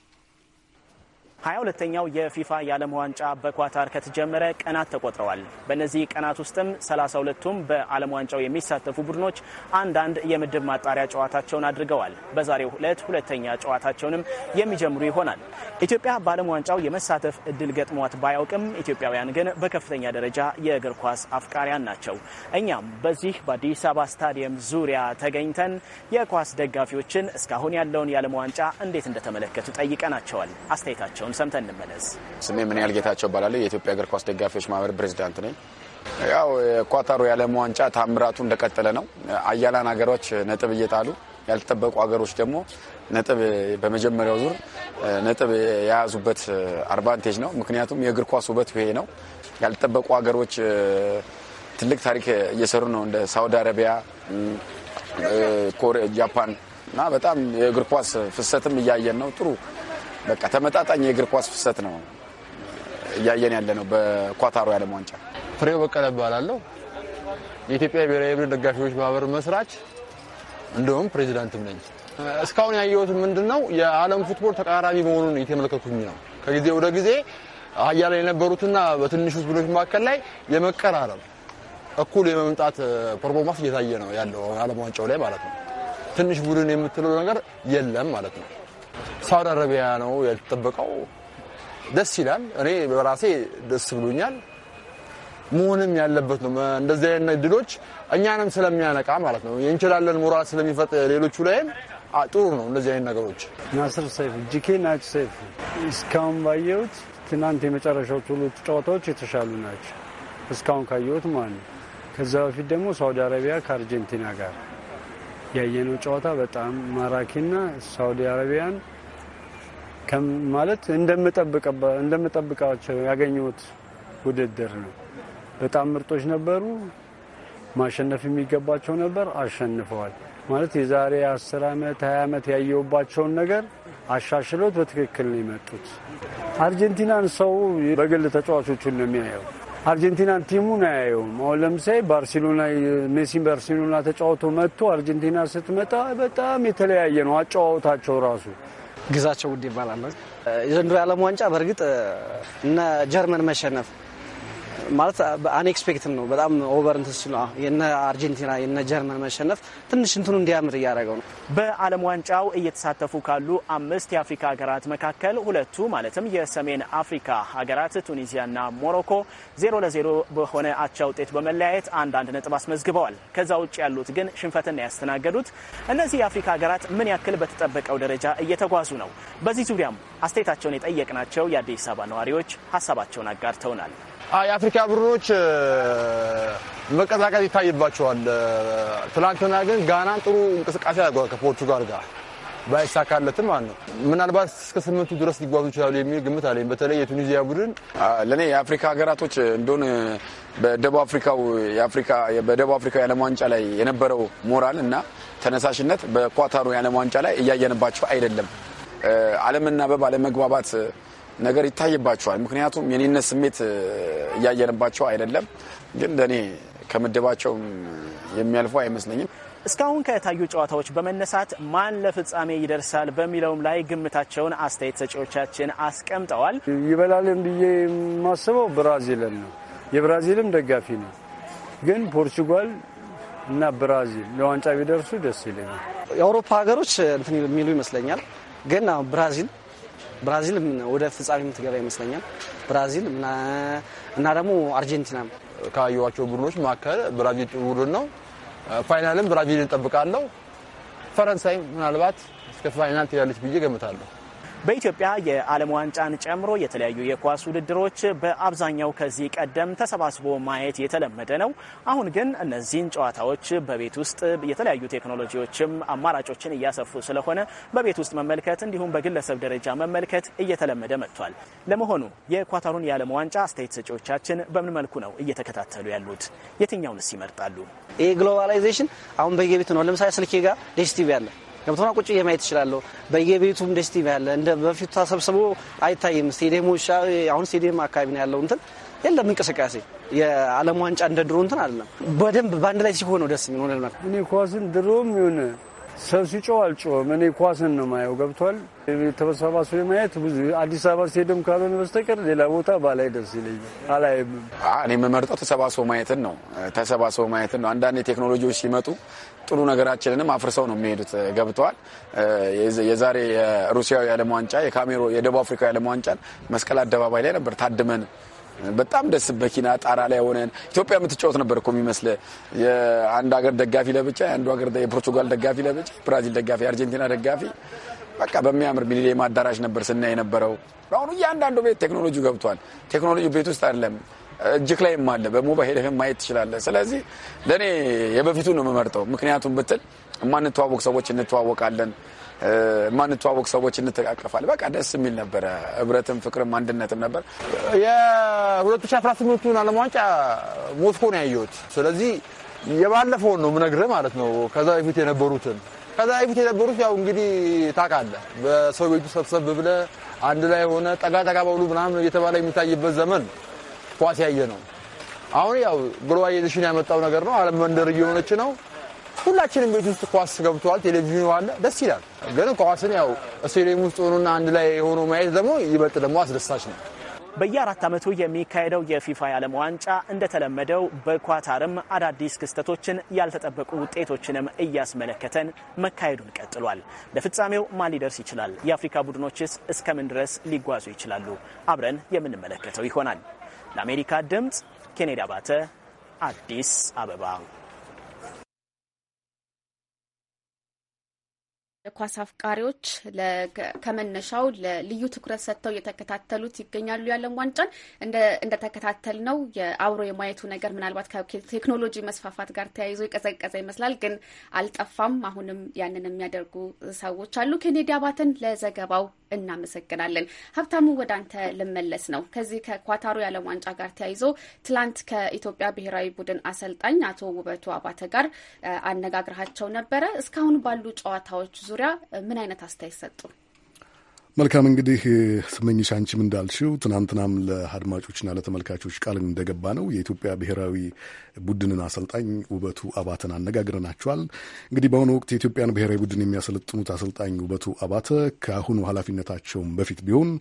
ሀያ ሁለተኛው የፊፋ የዓለም ዋንጫ በኳታር ከተጀመረ ቀናት ተቆጥረዋል። በእነዚህ ቀናት ውስጥም ሰላሳ ሁለቱም በዓለም ዋንጫው የሚሳተፉ ቡድኖች አንዳንድ የምድብ ማጣሪያ ጨዋታቸውን አድርገዋል። በዛሬው ዕለት ሁለተኛ ጨዋታቸውንም የሚጀምሩ ይሆናል። ኢትዮጵያ በዓለም ዋንጫው የመሳተፍ እድል ገጥሟት ባያውቅም ኢትዮጵያውያን ግን በከፍተኛ ደረጃ የእግር ኳስ አፍቃሪያን ናቸው። እኛም በዚህ በአዲስ አበባ ስታዲየም ዙሪያ ተገኝተን የኳስ ደጋፊዎችን እስካሁን ያለውን የዓለም ዋንጫ እንዴት እንደተመለከቱ ጠይቀናቸዋል። አስተያየታቸውን እሱንም ሰምተን እንመለስ። ስሜ ምን ያህል ጌታቸው እባላለሁ። የኢትዮጵያ እግር ኳስ ደጋፊዎች ማህበር ፕሬዚዳንት ነኝ። ያው የኳታሩ የዓለም ዋንጫ ታምራቱ እንደቀጠለ ነው። አያላን ሀገሮች ነጥብ እየጣሉ ያልተጠበቁ ሀገሮች ደግሞ ነጥብ በመጀመሪያው ዙር ነጥብ የያዙበት አድቫንቴጅ ነው። ምክንያቱም የእግር ኳስ ውበት ይሄ ነው። ያልተጠበቁ ሀገሮች ትልቅ ታሪክ እየሰሩ ነው። እንደ ሳውዲ አረቢያ፣ ጃፓን እና በጣም የእግር ኳስ ፍሰትም እያየን ነው። ጥሩ በቃ ተመጣጣኝ የእግር ኳስ ፍሰት ነው እያየን ያለ ነው በኳታሩ የዓለም ዋንጫ። ፍሬው በቀለ እባላለሁ። የኢትዮጵያ ብሔራዊ ቡድን ደጋፊዎች ማህበር መስራች እንዲሁም ፕሬዚዳንትም ነኝ። እስካሁን ያየሁት ምንድን ነው የዓለም ፉትቦል ተቃራቢ መሆኑን የተመለከቱኝ ነው። ከጊዜ ወደ ጊዜ አህያ ላይ የነበሩትና በትንሽ ቡድኖች መካከል ላይ የመቀራረብ እኩል የመምጣት ፐርፎርማንስ እየታየ ነው ያለው ዓለም ዋንጫው ላይ ማለት ነው። ትንሽ ቡድን የምትለው ነገር የለም ማለት ነው። ሳውዲ አረቢያ ነው ያልተጠበቀው። ደስ ይላል። እኔ በራሴ ደስ ብሎኛል። መሆንም ያለበት ነው። እንደዚህ አይነት ድሎች እኛንም ስለሚያነቃ ማለት ነው እንችላለን ሞራል ስለሚፈጥ ሌሎቹ ላይም ጥሩ ነው። እንደዚህ አይነት ነገሮች ናስር ሰይፍ ጂኬ ናጭ ሰይፍ እስካሁን ባየሁት ትናንት የመጨረሻው ሁለት ጨዋታዎች የተሻሉ ናቸው እስካሁን ካየሁት ማለት ነው። ከዛ በፊት ደግሞ ሳውዲ አረቢያ ከአርጀንቲና ጋር ያየነው ጨዋታ በጣም ማራኪና ሳውዲ አረቢያን ማለት እንደምጠብቃቸው ያገኘሁት ውድድር ነው። በጣም ምርጦች ነበሩ። ማሸነፍ የሚገባቸው ነበር፣ አሸንፈዋል። ማለት የዛሬ 10 ዓመት 20 ዓመት ያየውባቸውን ነገር አሻሽሎት በትክክል ነው የመጡት። አርጀንቲናን ሰው በግል ተጫዋቾቹን ነው የሚያየው። አርጀንቲናን ቲሙን አያየውም። አሁን ለምሳሌ ባርሴሎና ሜሲን ባርሴሎና ተጫውቶ መጥቶ አርጀንቲና ስትመጣ በጣም የተለያየ ነው አጫዋወታቸው ራሱ ግዛቸው ውድ ይባላል። የዘንድሮ የዓለም ዋንጫ በእርግጥ እነ ጀርመን መሸነፍ ማለት አንኤክስፔክትድ ነው። በጣም ኦቨር እንትስ የነ አርጀንቲና የነ ጀርመን መሸነፍ ትንሽ እንትኑ እንዲያምር እያደረገው ነው። በዓለም ዋንጫው እየተሳተፉ ካሉ አምስት የአፍሪካ ሀገራት መካከል ሁለቱ ማለትም የሰሜን አፍሪካ ሀገራት ቱኒዚያና ሞሮኮ ዜሮ ለዜሮ በሆነ አቻ ውጤት በመለያየት አንድ አንድ ነጥብ አስመዝግበዋል። ከዛ ውጭ ያሉት ግን ሽንፈትን ያስተናገዱት እነዚህ የአፍሪካ ሀገራት ምን ያክል በተጠበቀው ደረጃ እየተጓዙ ነው? በዚህ ዙሪያም አስተያየታቸውን የጠየቅናቸው የአዲስ አበባ ነዋሪዎች ሀሳባቸውን አጋርተውናል። የአፍሪካ ቡድኖች መቀዛቀዝ ይታይባቸዋል። ትላንትና ግን ጋናን ጥሩ እንቅስቃሴ አድርጓል ከፖርቱጋል ጋር ባይሳካለትም ማለት ነው። ምናልባት እስከ ስምንቱ ድረስ ሊጓዙ ይችላሉ የሚል ግምት አለኝ። በተለይ የቱኒዚያ ቡድን ለእኔ የአፍሪካ ሀገራቶች እንደሆነ በደቡብ አፍሪካው በደቡብ አፍሪካው የዓለም ዋንጫ ላይ የነበረው ሞራል እና ተነሳሽነት በኳታሩ የዓለም ዋንጫ ላይ እያየንባቸው አይደለም። አለምና በብ አለመግባባት ነገር ይታይባቸዋል። ምክንያቱም የኔነት ስሜት እያየንባቸው አይደለም። ግን ለእኔ ከምድባቸው የሚያልፉ አይመስለኝም። እስካሁን ከታዩ ጨዋታዎች በመነሳት ማን ለፍጻሜ ይደርሳል በሚለውም ላይ ግምታቸውን አስተያየት ሰጪዎቻችን አስቀምጠዋል። ይበላልን ብዬ የማስበው ብራዚልን ነው። የብራዚልም ደጋፊ ነው። ግን ፖርቹጋል እና ብራዚል ለዋንጫ ቢደርሱ ደስ ይለኛል። የአውሮፓ ሀገሮች እንትን የሚሉ ይመስለኛል። ግን ብራዚል ብራዚል ወደ ፍጻሜ የምትገባ ይመስለኛል። ብራዚል እና ደግሞ አርጀንቲና ካየኋቸው ቡድኖች መካከል ብራዚል ቡድን ነው። ፋይናልም ብራዚል እንጠብቃለሁ። ፈረንሳይ ምናልባት እስከ ፋይናል ትሄዳለች ብዬ ገምታለሁ። በኢትዮጵያ የዓለም ዋንጫን ጨምሮ የተለያዩ የኳስ ውድድሮች በአብዛኛው ከዚህ ቀደም ተሰባስቦ ማየት የተለመደ ነው። አሁን ግን እነዚህን ጨዋታዎች በቤት ውስጥ የተለያዩ ቴክኖሎጂዎችም አማራጮችን እያሰፉ ስለሆነ በቤት ውስጥ መመልከት እንዲሁም በግለሰብ ደረጃ መመልከት እየተለመደ መጥቷል። ለመሆኑ የኳታሩን የዓለም ዋንጫ አስተያየት ሰጪዎቻችን በምን መልኩ ነው እየተከታተሉ ያሉት? የትኛውንስ ይመርጣሉ? ይህ ግሎባላይዜሽን አሁን በየቤቱ ነው። ለምሳሌ ስልኬ ጋር ዲሽ ቲቪ አለ ገብተና ቁጭ ብዬ ይችላለሁ። በየቤቱ በየቤቱም ደስቲም ያለ እንደ በፊቱ ተሰብስቦ አይታይም። ስቴዲየሞች አሁን ስቴዲየም አካባቢ ነው ያለው እንትን የለም እንቅስቃሴ የዓለም ዋንጫ እንደ ድሮ እንትን አይደለም። በደንብ በአንድ ላይ ሲሆን ነው ደስ የሚሆነ። እኔ ኳስን ድሮም ይሆነ ሰው ሲጮህ አልጮህም። እኔ ኳስን ነው ማየው። ገብቷል። ተሰባስቦ ማየት ብዙ አዲስ አበባ ስቴዲየም ካልሆነ በስተቀር ሌላ ቦታ ባላይ ደስ ይለኝ አላይም። እኔ የምመርጠው ተሰባስቦ ማየትን ነው። ተሰባስቦ ማየትን ነው። አንዳንድ የቴክኖሎጂዎች ሲመጡ ጥሩ ነገራችንንም አፍርሰው ነው የሚሄዱት። ገብተዋል። የዛሬ የሩሲያዊ የዓለም ዋንጫ የካሜሮ የደቡብ አፍሪካ የዓለም ዋንጫን መስቀል አደባባይ ላይ ነበር ታድመን በጣም ደስ በኪና ጣራ ላይ ሆነን ኢትዮጵያ የምትጫወት ነበር እኮ የሚመስለ የአንድ ሀገር ደጋፊ ለብቻ፣ የአንዱ ሀገር የፖርቱጋል ደጋፊ ለብቻ፣ ብራዚል ደጋፊ፣ የአርጀንቲና ደጋፊ በቃ በሚያምር ሚሊኒየም አዳራሽ ነበር ስናይ የነበረው። አሁኑ እያንዳንዱ ቤት ቴክኖሎጂ ገብቷል። ቴክኖሎጂ ቤት ውስጥ አይደለም እጅግ ላይም አለ። በሞባይል ህም ማየት ትችላለህ። ስለዚህ ለእኔ የበፊቱ ነው የምመርጠው። ምክንያቱም ብትል የማንተዋወቅ ሰዎች እንተዋወቃለን የማንተዋወቅ ሰዎች እንተቃቀፋል። በቃ ደስ የሚል ነበረ። ህብረትም፣ ፍቅርም አንድነትም ነበር። የ2018ቱን ዓለም ዋንጫ ሞስኮ ነው ያየሁት። ስለዚህ የባለፈውን ነው የምነግርህ ማለት ነው። ከዛ በፊት የነበሩትን ከዛ በፊት የነበሩት ያው እንግዲህ ታውቃለህ፣ በሰው ቤቱ ሰብሰብ ብለህ አንድ ላይ ሆነ ጠጋ ጠጋ በሉ ምናምን እየተባለ የሚታይበት ዘመን ኳስ ያየ ነው። አሁን ያው ግሎባላይዜሽን ያመጣው ነገር ነው። ዓለም መንደር እየሆነች ነው። ሁላችንም ቤት ውስጥ ኳስ ገብተዋል፣ ቴሌቪዥኑ አለ፣ ደስ ይላል። ግን ኳስን ያው ስቴዲየም ውስጥ ሆኖና አንድ ላይ ሆኖ ማየት ደግሞ ይበልጥ ደግሞ አስደሳች ነው። በየአራት ዓመቱ የሚካሄደው የፊፋ የዓለም ዋንጫ እንደተለመደው በኳታርም አዳዲስ ክስተቶችን፣ ያልተጠበቁ ውጤቶችንም እያስመለከተን መካሄዱን ቀጥሏል። ለፍጻሜው ማን ሊደርስ ይችላል? የአፍሪካ ቡድኖችስ እስከምን ድረስ ሊጓዙ ይችላሉ? አብረን የምንመለከተው ይሆናል። ለአሜሪካ ድምፅ ኬኔዲ አባተ አዲስ አበባ የኳስ አፍቃሪዎች ከመነሻው ለልዩ ትኩረት ሰጥተው እየተከታተሉት ይገኛሉ። የዓለም ዋንጫን እንደተከታተል ነው የአብሮ የማየቱ ነገር ምናልባት ከቴክኖሎጂ መስፋፋት ጋር ተያይዞ የቀዘቀዘ ይመስላል፣ ግን አልጠፋም። አሁንም ያንን የሚያደርጉ ሰዎች አሉ። ኬኔዲ አባትን ለዘገባው እናመሰግናለን። ሀብታሙ ወደ አንተ ልመለስ ነው። ከዚህ ከኳታሩ የዓለም ዋንጫ ጋር ተያይዞ ትላንት ከኢትዮጵያ ብሔራዊ ቡድን አሰልጣኝ አቶ ውበቱ አባተ ጋር አነጋግርሃቸው ነበረ። እስካሁን ባሉ ጨዋታዎች ዙሪያ ምን አይነት አስተያየት ሰጡ? መልካም እንግዲህ ስመኝሽ፣ አንቺም እንዳልሽው ትናንትናም ለአድማጮችና ለተመልካቾች ቃል እንደገባ ነው የኢትዮጵያ ብሔራዊ ቡድንን አሰልጣኝ ውበቱ አባተን አነጋግረናቸዋል። እንግዲህ በአሁኑ ወቅት የኢትዮጵያን ብሔራዊ ቡድን የሚያሰለጥኑት አሰልጣኝ ውበቱ አባተ ከአሁኑ ኃላፊነታቸውም በፊት ቢሆን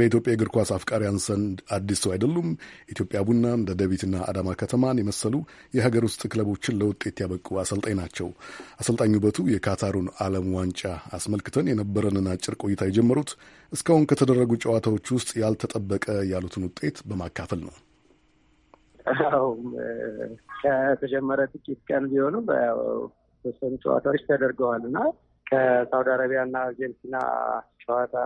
በኢትዮጵያ እግር ኳስ አፍቃሪያን ዘንድ አዲስ ሰው አይደሉም። ኢትዮጵያ እንደ ደቢትና አዳማ ከተማን የመሰሉ የሀገር ውስጥ ክለቦችን ለውጤት ያበቁ አሰልጣኝ ናቸው። አሰልጣኝ ውበቱ የካታሩን ዓለም ዋንጫ አስመልክተን የነበረንን አጭር ቆይታ የጀመሩት እስካሁን ከተደረጉ ጨዋታዎች ውስጥ ያልተጠበቀ ያሉትን ውጤት በማካፈል ነው። አዎ ከተጀመረ ጥቂት ቀን ቢሆንም ተወሰኑ ጨዋታዎች ተደርገዋል እና ከሳውዲ አረቢያና አርጀንቲና ጨዋታ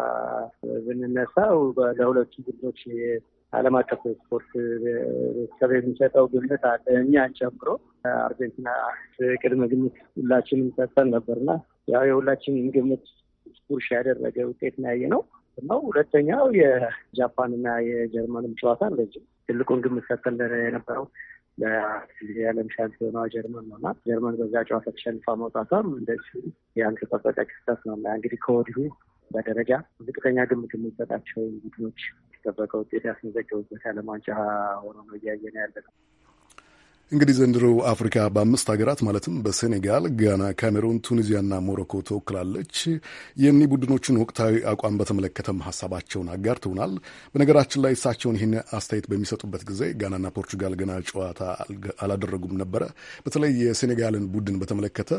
ብንነሳው ለሁለቱ ቡድኖች ዓለም አቀፍ ስፖርት ቤተሰብ የሚሰጠው ግምት አለ። እኛን ጨምሮ አርጀንቲና ቅድመ ግምት ሁላችንም ሰጠን ነበርና ያው የሁላችንም ግምት ጉርሻ ያደረገ ውጤት ነው ያየነው እና ሁለተኛው የጃፓንና የጀርመንም ጨዋታ እንደዚህ ትልቁን ግምት ሰጥተን የነበረው የዓለም ሻምፒዮኗ ጀርመን ነው እና ጀርመን በዛ ጨዋታ ተሸንፋ መውጣቷም እንደዚሁ ያልተጠበቀ ክስተት ነው እና እንግዲህ ከወዲሁ በደረጃ ዝቅተኛ ግምት የሚሰጣቸው ቡድኖች የተጠበቀ ውጤት ያስመዘገቡበት ዓለም ዋንጫ ሆኖ ነው እያየን ያለ ነው። እንግዲህ ዘንድሮ አፍሪካ በአምስት ሀገራት ማለትም በሴኔጋል፣ ጋና፣ ካሜሩን፣ ቱኒዚያና ሞሮኮ ተወክላለች። የኒህ ቡድኖችን ወቅታዊ አቋም በተመለከተም ሀሳባቸውን አጋርተውናል። በነገራችን ላይ እሳቸውን ይህን አስተያየት በሚሰጡበት ጊዜ ጋናና ፖርቹጋል ገና ጨዋታ አላደረጉም ነበረ። በተለይ የሴኔጋልን ቡድን በተመለከተ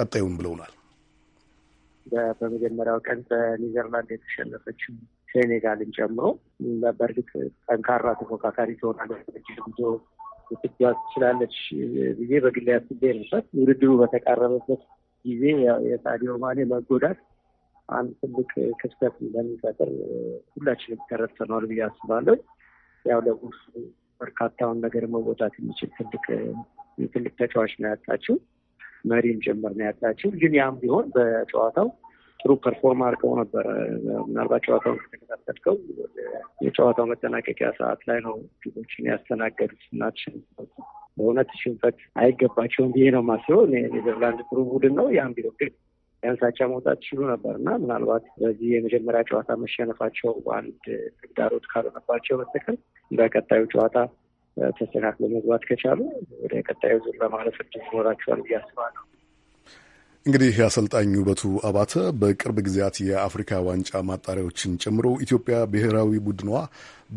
ቀጣዩን ብለውናል። በመጀመሪያው ቀን በኒዘርላንድ የተሸነፈችው ሴኔጋልን ጨምሮ በእርግጥ ጠንካራ ተፎካካሪ ትሆናለች ልትጓዝ ትችላለች ብዬ በግላ ያስቤ ነበር። ውድድሩ በተቃረበበት ጊዜ የሳዲዮ ማኔ መጎዳት አንድ ትልቅ ክፍተት እንደሚፈጥር ሁላችንም ተረድተነዋል ብዬ አስባለሁ። ያው ለጉርሱ በርካታውን ነገር መወጣት የሚችል ትልቅ ትልቅ ተጫዋች ነው ያጣችው፣ መሪም ጭምር ነው ያጣችው። ግን ያም ቢሆን በጨዋታው ጥሩ ፐርፎርም አድርገው ነበረ። ምናልባት ጨዋታውን ከተከታተልከው የጨዋታው መጠናቀቂያ ሰዓት ላይ ነው ግቦችን ያስተናገዱት እና በእውነት ሽንፈት አይገባቸውም ብዬ ነው ማስበው። ኔዘርላንድ ጥሩ ቡድን ነው። ያም ቢሮ ግን ያንሳቻ መውጣት ችሉ ነበር እና ምናልባት በዚህ የመጀመሪያ ጨዋታ መሸነፋቸው አንድ ተግዳሮት ካልሆነባቸው በስተቀር በቀጣዩ ጨዋታ ተስተካክሎ መግባት ከቻሉ ወደ ቀጣዩ ዙር ለማለፍ እድል ይኖራቸዋል ብዬ አስባለሁ። እንግዲህ የአሰልጣኝ ውበቱ አባተ በቅርብ ጊዜያት የአፍሪካ ዋንጫ ማጣሪያዎችን ጨምሮ ኢትዮጵያ ብሔራዊ ቡድኗ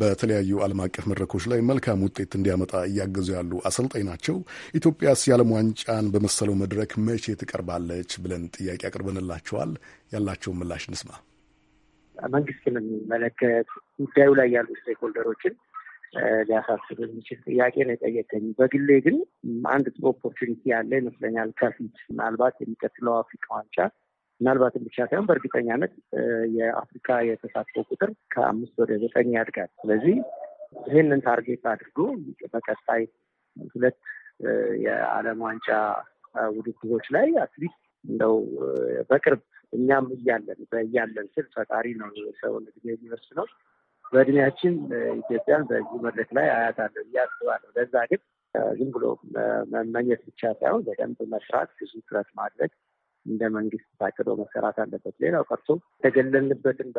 በተለያዩ ዓለም አቀፍ መድረኮች ላይ መልካም ውጤት እንዲያመጣ እያገዙ ያሉ አሰልጣኝ ናቸው። ኢትዮጵያስ የዓለም ዋንጫን በመሰለው መድረክ መቼ ትቀርባለች ብለን ጥያቄ አቅርበንላቸዋል። ያላቸውን ምላሽ እንስማ። መንግስት የሚመለከት ጉዳዩ ላይ ያሉ ስቴክሆልደሮችን ሊያሳስብ የሚችል ጥያቄ ነው የጠየቀኝ። በግሌ ግን አንድ ጥሩ ኦፖርቹኒቲ ያለ ይመስለኛል። ከፊት ምናልባት የሚቀጥለው አፍሪካ ዋንጫ ምናልባትም ብቻ ሳይሆን በእርግጠኛነት የአፍሪካ የተሳትፎ ቁጥር ከአምስት ወደ ዘጠኝ ያድጋል። ስለዚህ ይህንን ታርጌት አድርጎ በቀጣይ ሁለት የዓለም ዋንጫ ውድድሮች ላይ አትሊስት እንደው በቅርብ እኛም እያለን በእያለን ስል ፈጣሪ ነው የሰውን ጊዜ የሚወስነው በእድሜያችን ኢትዮጵያን በዚህ መድረክ ላይ አያታለሁ ብዬ አስባለሁ። ለዛ ግን ዝም ብሎ መመኘት ብቻ ሳይሆን በደንብ መስራት፣ ብዙ ጥረት ማድረግ እንደ መንግስት ታቅዶ መሰራት አለበት። ሌላው ቀርቶ የተገለልንበትን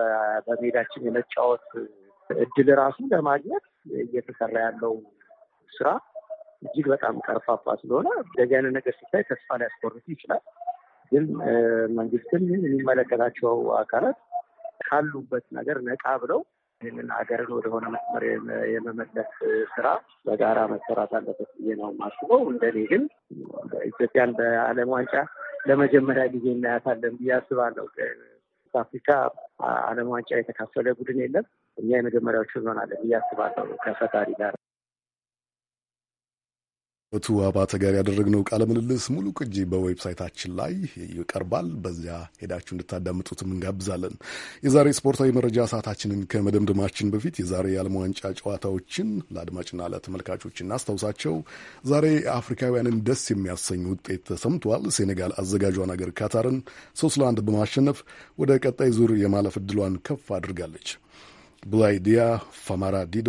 በሜዳችን የመጫወት እድል ራሱ ለማግኘት እየተሰራ ያለው ስራ እጅግ በጣም ቀርፋፋ ስለሆነ እንደዚህ አይነት ነገር ሲታይ ተስፋ ሊያስቆርጥ ይችላል። ግን መንግስትም የሚመለከታቸው አካላት ካሉበት ነገር ነቃ ብለው ይህንን ሀገርን ወደሆነ መስመር የመመለስ ስራ በጋራ መሰራት አለበት ብዬ ነው የማስበው። እንደኔ ግን ኢትዮጵያን በዓለም ዋንጫ ለመጀመሪያ ጊዜ እናያታለን ብዬ አስባለሁ። አፍሪካ ዓለም ዋንጫ የተካፈለ ቡድን የለም። እኛ የመጀመሪያዎቹ እንሆናለን ብዬ አስባለሁ ከፈጣሪ ጋር እቱ አባተ ጋር ያደረግነው ቃለ ምልልስ ሙሉ ቅጂ በዌብሳይታችን ላይ ይቀርባል። በዚያ ሄዳችሁ እንድታዳምጡትም እንጋብዛለን። የዛሬ ስፖርታዊ መረጃ ሰዓታችንን ከመደምደማችን በፊት የዛሬ የዓለም ዋንጫ ጨዋታዎችን ለአድማጭና ለተመልካቾች እናስታውሳቸው። ዛሬ አፍሪካውያንን ደስ የሚያሰኝ ውጤት ተሰምቷል። ሴኔጋል አዘጋጇን አገር ካታርን ሶስት ለአንድ በማሸነፍ ወደ ቀጣይ ዙር የማለፍ ዕድሏን ከፍ አድርጋለች። ብላይዲያ ፋማራ ዲዶ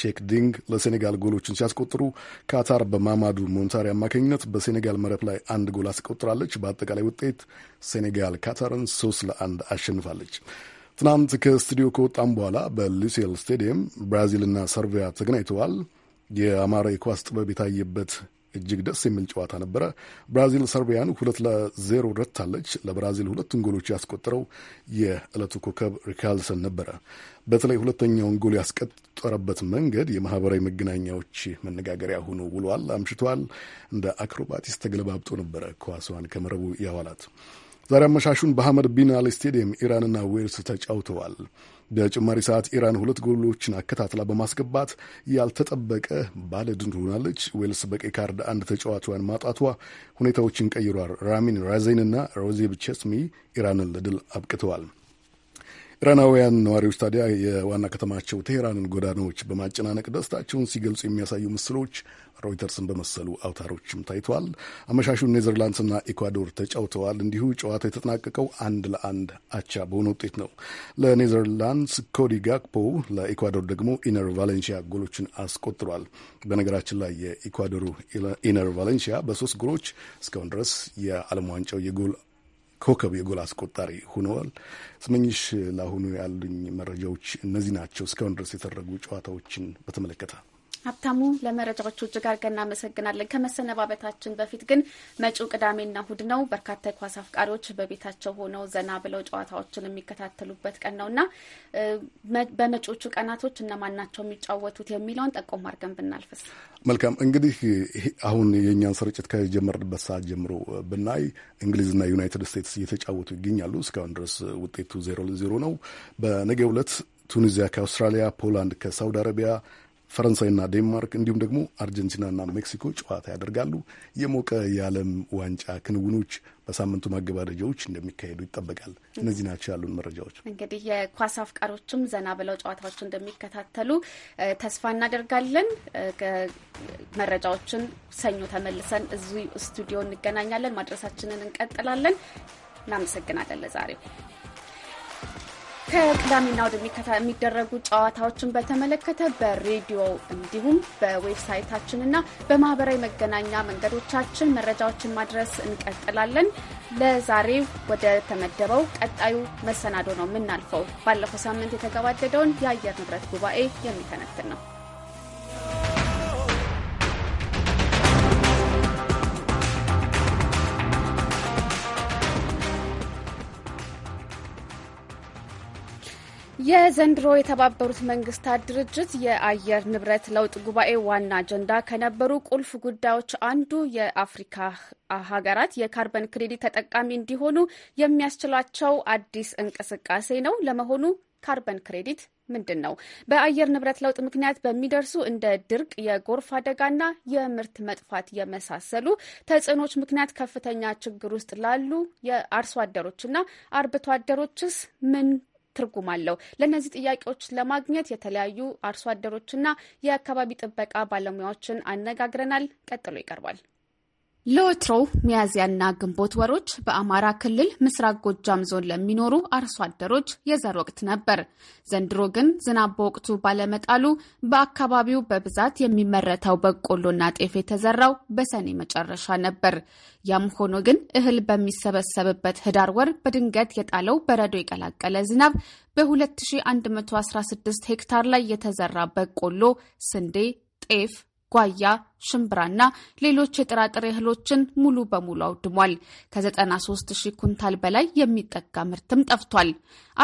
ሼክ ዲንግ ለሴኔጋል ጎሎችን ሲያስቆጥሩ ካታር በማማዱ ሞንታሪ አማካኝነት በሴኔጋል መረብ ላይ አንድ ጎል አስቆጥራለች። በአጠቃላይ ውጤት ሴኔጋል ካታርን ሶስት ለአንድ አሸንፋለች። ትናንት ከስቱዲዮ ከወጣም በኋላ በሉሴል ስቴዲየም ብራዚልና ሰርቪያ ተገናኝተዋል። የአማራ የኳስ ጥበብ የታየበት እጅግ ደስ የሚል ጨዋታ ነበረ። ብራዚል ሰርቢያን ሁለት ለዜሮ ረታለች። ለብራዚል ሁለቱን ጎሎች ያስቆጠረው የዕለቱ ኮከብ ሪካልሰን ነበረ። በተለይ ሁለተኛውን ጎል ያስቆጠረበት መንገድ የማህበራዊ መገናኛዎች መነጋገሪያ ሆኖ ውሏል፣ አምሽቷል። እንደ አክሮባቲስ ተገለባብጦ ነበረ ኳሷን ከመረቡ ያዋላት። ዛሬ አመሻሹን በሐመድ ቢን ስቴዲየም ኢራንና ዌልስ ተጫውተዋል። በጭማሪ ሰዓት ኢራን ሁለት ጎሎችን አከታትላ በማስገባት ያልተጠበቀ ባለድል ሆናለች። ዌልስ በቀይ ካርድ አንድ ተጫዋቿን ማጣቷ ሁኔታዎችን ቀይሯል። ራሚን ራዜንና ሮዜብ ቼስሚ ኢራንን ለድል አብቅተዋል። ኢራናውያን ነዋሪዎች ታዲያ የዋና ከተማቸው ቴሄራንን ጎዳናዎች በማጨናነቅ ደስታቸውን ሲገልጹ የሚያሳዩ ምስሎች ሮይተርስን በመሰሉ አውታሮችም ታይተዋል። አመሻሹን ኔዘርላንድስና ኢኳዶር ተጫውተዋል። እንዲሁ ጨዋታ የተጠናቀቀው አንድ ለአንድ አቻ በሆነ ውጤት ነው። ለኔዘርላንድስ ኮዲ ጋክፖ፣ ለኢኳዶር ደግሞ ኢነር ቫሌንሺያ ጎሎችን አስቆጥሯል። በነገራችን ላይ የኢኳዶሩ ኢነር ቫሌንሺያ በሶስት ጎሎች እስካሁን ድረስ የዓለም ዋንጫው የጎል ኮከብ የጎል አስቆጣሪ ሆነዋል። ስመኝሽ፣ ለአሁኑ ያሉኝ መረጃዎች እነዚህ ናቸው። እስካሁን ድረስ የተደረጉ ጨዋታዎችን በተመለከተ ሀብታሙ ለመረጃዎቹ እጅግ አድርገን እናመሰግናለን። ከመሰነባበታችን በፊት ግን መጪው ቅዳሜና እሁድ ነው። በርካታ የኳስ አፍቃሪዎች በቤታቸው ሆነው ዘና ብለው ጨዋታዎችን የሚከታተሉበት ቀን ነው እና በመጪዎቹ ቀናቶች እነማን ናቸው የሚጫወቱት የሚለውን ጠቆም አድርገን ብናልፍስ መልካም። እንግዲህ አሁን የእኛን ስርጭት ከጀመርንበት ሰዓት ጀምሮ ብናይ እንግሊዝና ዩናይትድ ስቴትስ እየተጫወቱ ይገኛሉ። እስካሁን ድረስ ውጤቱ ዜሮ ለዜሮ ነው። በነገ ዕለት ቱኒዚያ ከአውስትራሊያ፣ ፖላንድ ከሳውዲ አረቢያ ፈረንሳይና ዴንማርክ እንዲሁም ደግሞ አርጀንቲናና ሜክሲኮ ጨዋታ ያደርጋሉ። የሞቀ የዓለም ዋንጫ ክንውኖች በሳምንቱ ማገባደጃዎች እንደሚካሄዱ ይጠበቃል። እነዚህ ናቸው ያሉን መረጃዎች። እንግዲህ የኳስ አፍቃሮችም ዘና ብለው ጨዋታዎች እንደሚከታተሉ ተስፋ እናደርጋለን። መረጃዎችን ሰኞ ተመልሰን እዙ ስቱዲዮ እንገናኛለን። ማድረሳችንን እንቀጥላለን። እናመሰግናለን ለዛሬው ከቅዳሜና ወደ የሚደረጉ ጨዋታዎችን በተመለከተ በሬዲዮ እንዲሁም በዌብሳይታችንና በማህበራዊ መገናኛ መንገዶቻችን መረጃዎችን ማድረስ እንቀጥላለን። ለዛሬ ወደ ተመደበው ቀጣዩ መሰናዶ ነው የምናልፈው። ባለፈው ሳምንት የተገባደደውን የአየር ንብረት ጉባኤ የሚተነትን ነው። የዘንድሮ የተባበሩት መንግስታት ድርጅት የአየር ንብረት ለውጥ ጉባኤ ዋና አጀንዳ ከነበሩ ቁልፍ ጉዳዮች አንዱ የአፍሪካ ሀገራት የካርበን ክሬዲት ተጠቃሚ እንዲሆኑ የሚያስችላቸው አዲስ እንቅስቃሴ ነው። ለመሆኑ ካርበን ክሬዲት ምንድን ነው? በአየር ንብረት ለውጥ ምክንያት በሚደርሱ እንደ ድርቅ፣ የጎርፍ አደጋና የምርት መጥፋት የመሳሰሉ ተጽዕኖች ምክንያት ከፍተኛ ችግር ውስጥ ላሉ የአርሶ አደሮችና አርብቶ አደሮችስ ምን ትርጉም አለው? ለእነዚህ ጥያቄዎች ለማግኘት የተለያዩ አርሶ አደሮችና የአካባቢ ጥበቃ ባለሙያዎችን አነጋግረናል። ቀጥሎ ይቀርባል። ለወትሮው ሚያዝያና ግንቦት ወሮች በአማራ ክልል ምስራቅ ጎጃም ዞን ለሚኖሩ አርሶ አደሮች የዘር ወቅት ነበር። ዘንድሮ ግን ዝናብ በወቅቱ ባለመጣሉ በአካባቢው በብዛት የሚመረተው በቆሎና ጤፍ የተዘራው በሰኔ መጨረሻ ነበር። ያም ሆኖ ግን እህል በሚሰበሰብበት ህዳር ወር በድንገት የጣለው በረዶ የቀላቀለ ዝናብ በ2116 ሄክታር ላይ የተዘራ በቆሎ፣ ስንዴ ጤፍ ጓያ፣ ሽምብራና ሌሎች የጥራጥሬ እህሎችን ሙሉ በሙሉ አውድሟል። ከ93 ሺህ ኩንታል በላይ የሚጠጋ ምርትም ጠፍቷል።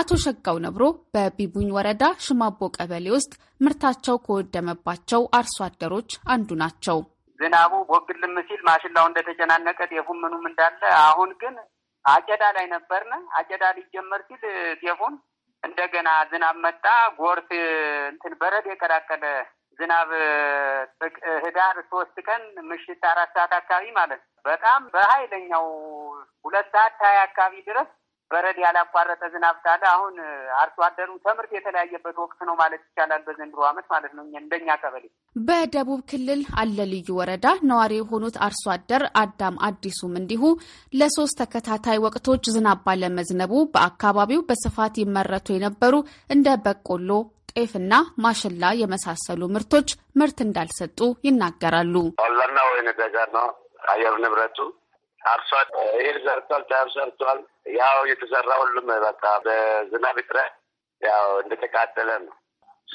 አቶ ሸጋው ነብሮ በቢቡኝ ወረዳ ሽማቦ ቀበሌ ውስጥ ምርታቸው ከወደመባቸው አርሶ አደሮች አንዱ ናቸው። ዝናቡ ቦግልም ሲል ማሽላው እንደተጨናነቀ ጤፉም ምኑም እንዳለ፣ አሁን ግን አጨዳ ላይ ነበርነ። አጨዳ ሊጀመር ሲል ጤፉን እንደገና ዝናብ መጣ። ጎርፍ እንትን በረድ የቀላቀለ ዝናብ ህዳር ሶስት ቀን ምሽት አራት ሰዓት አካባቢ ማለት ነው። በጣም በኃይለኛው ሁለት ሰዓት ሀያ አካባቢ ድረስ በረድ ያላቋረጠ ዝናብ ሳለ አሁን አርሶ አደሩ ትምህርት የተለያየበት ወቅት ነው ማለት ይቻላል። በዘንድሮ ዓመት ማለት ነው እንደኛ ቀበሌ። በደቡብ ክልል አለ ልዩ ወረዳ ነዋሪ የሆኑት አርሶ አደር አዳም አዲሱም እንዲሁ ለሶስት ተከታታይ ወቅቶች ዝናብ ባለመዝነቡ በአካባቢው በስፋት ይመረቱ የነበሩ እንደ በቆሎ፣ ጤፍና ማሽላ የመሳሰሉ ምርቶች ምርት እንዳልሰጡ ይናገራሉ። ቆላና ወይን ደጋ ነው አየር ንብረቱ አርሷል። ይህ ዘርቷል፣ ዳር ዘርቷል። ያው የተዘራ ሁሉም በቃ በዝናብ እጥረት ያው እንደተቃጠለ ነው።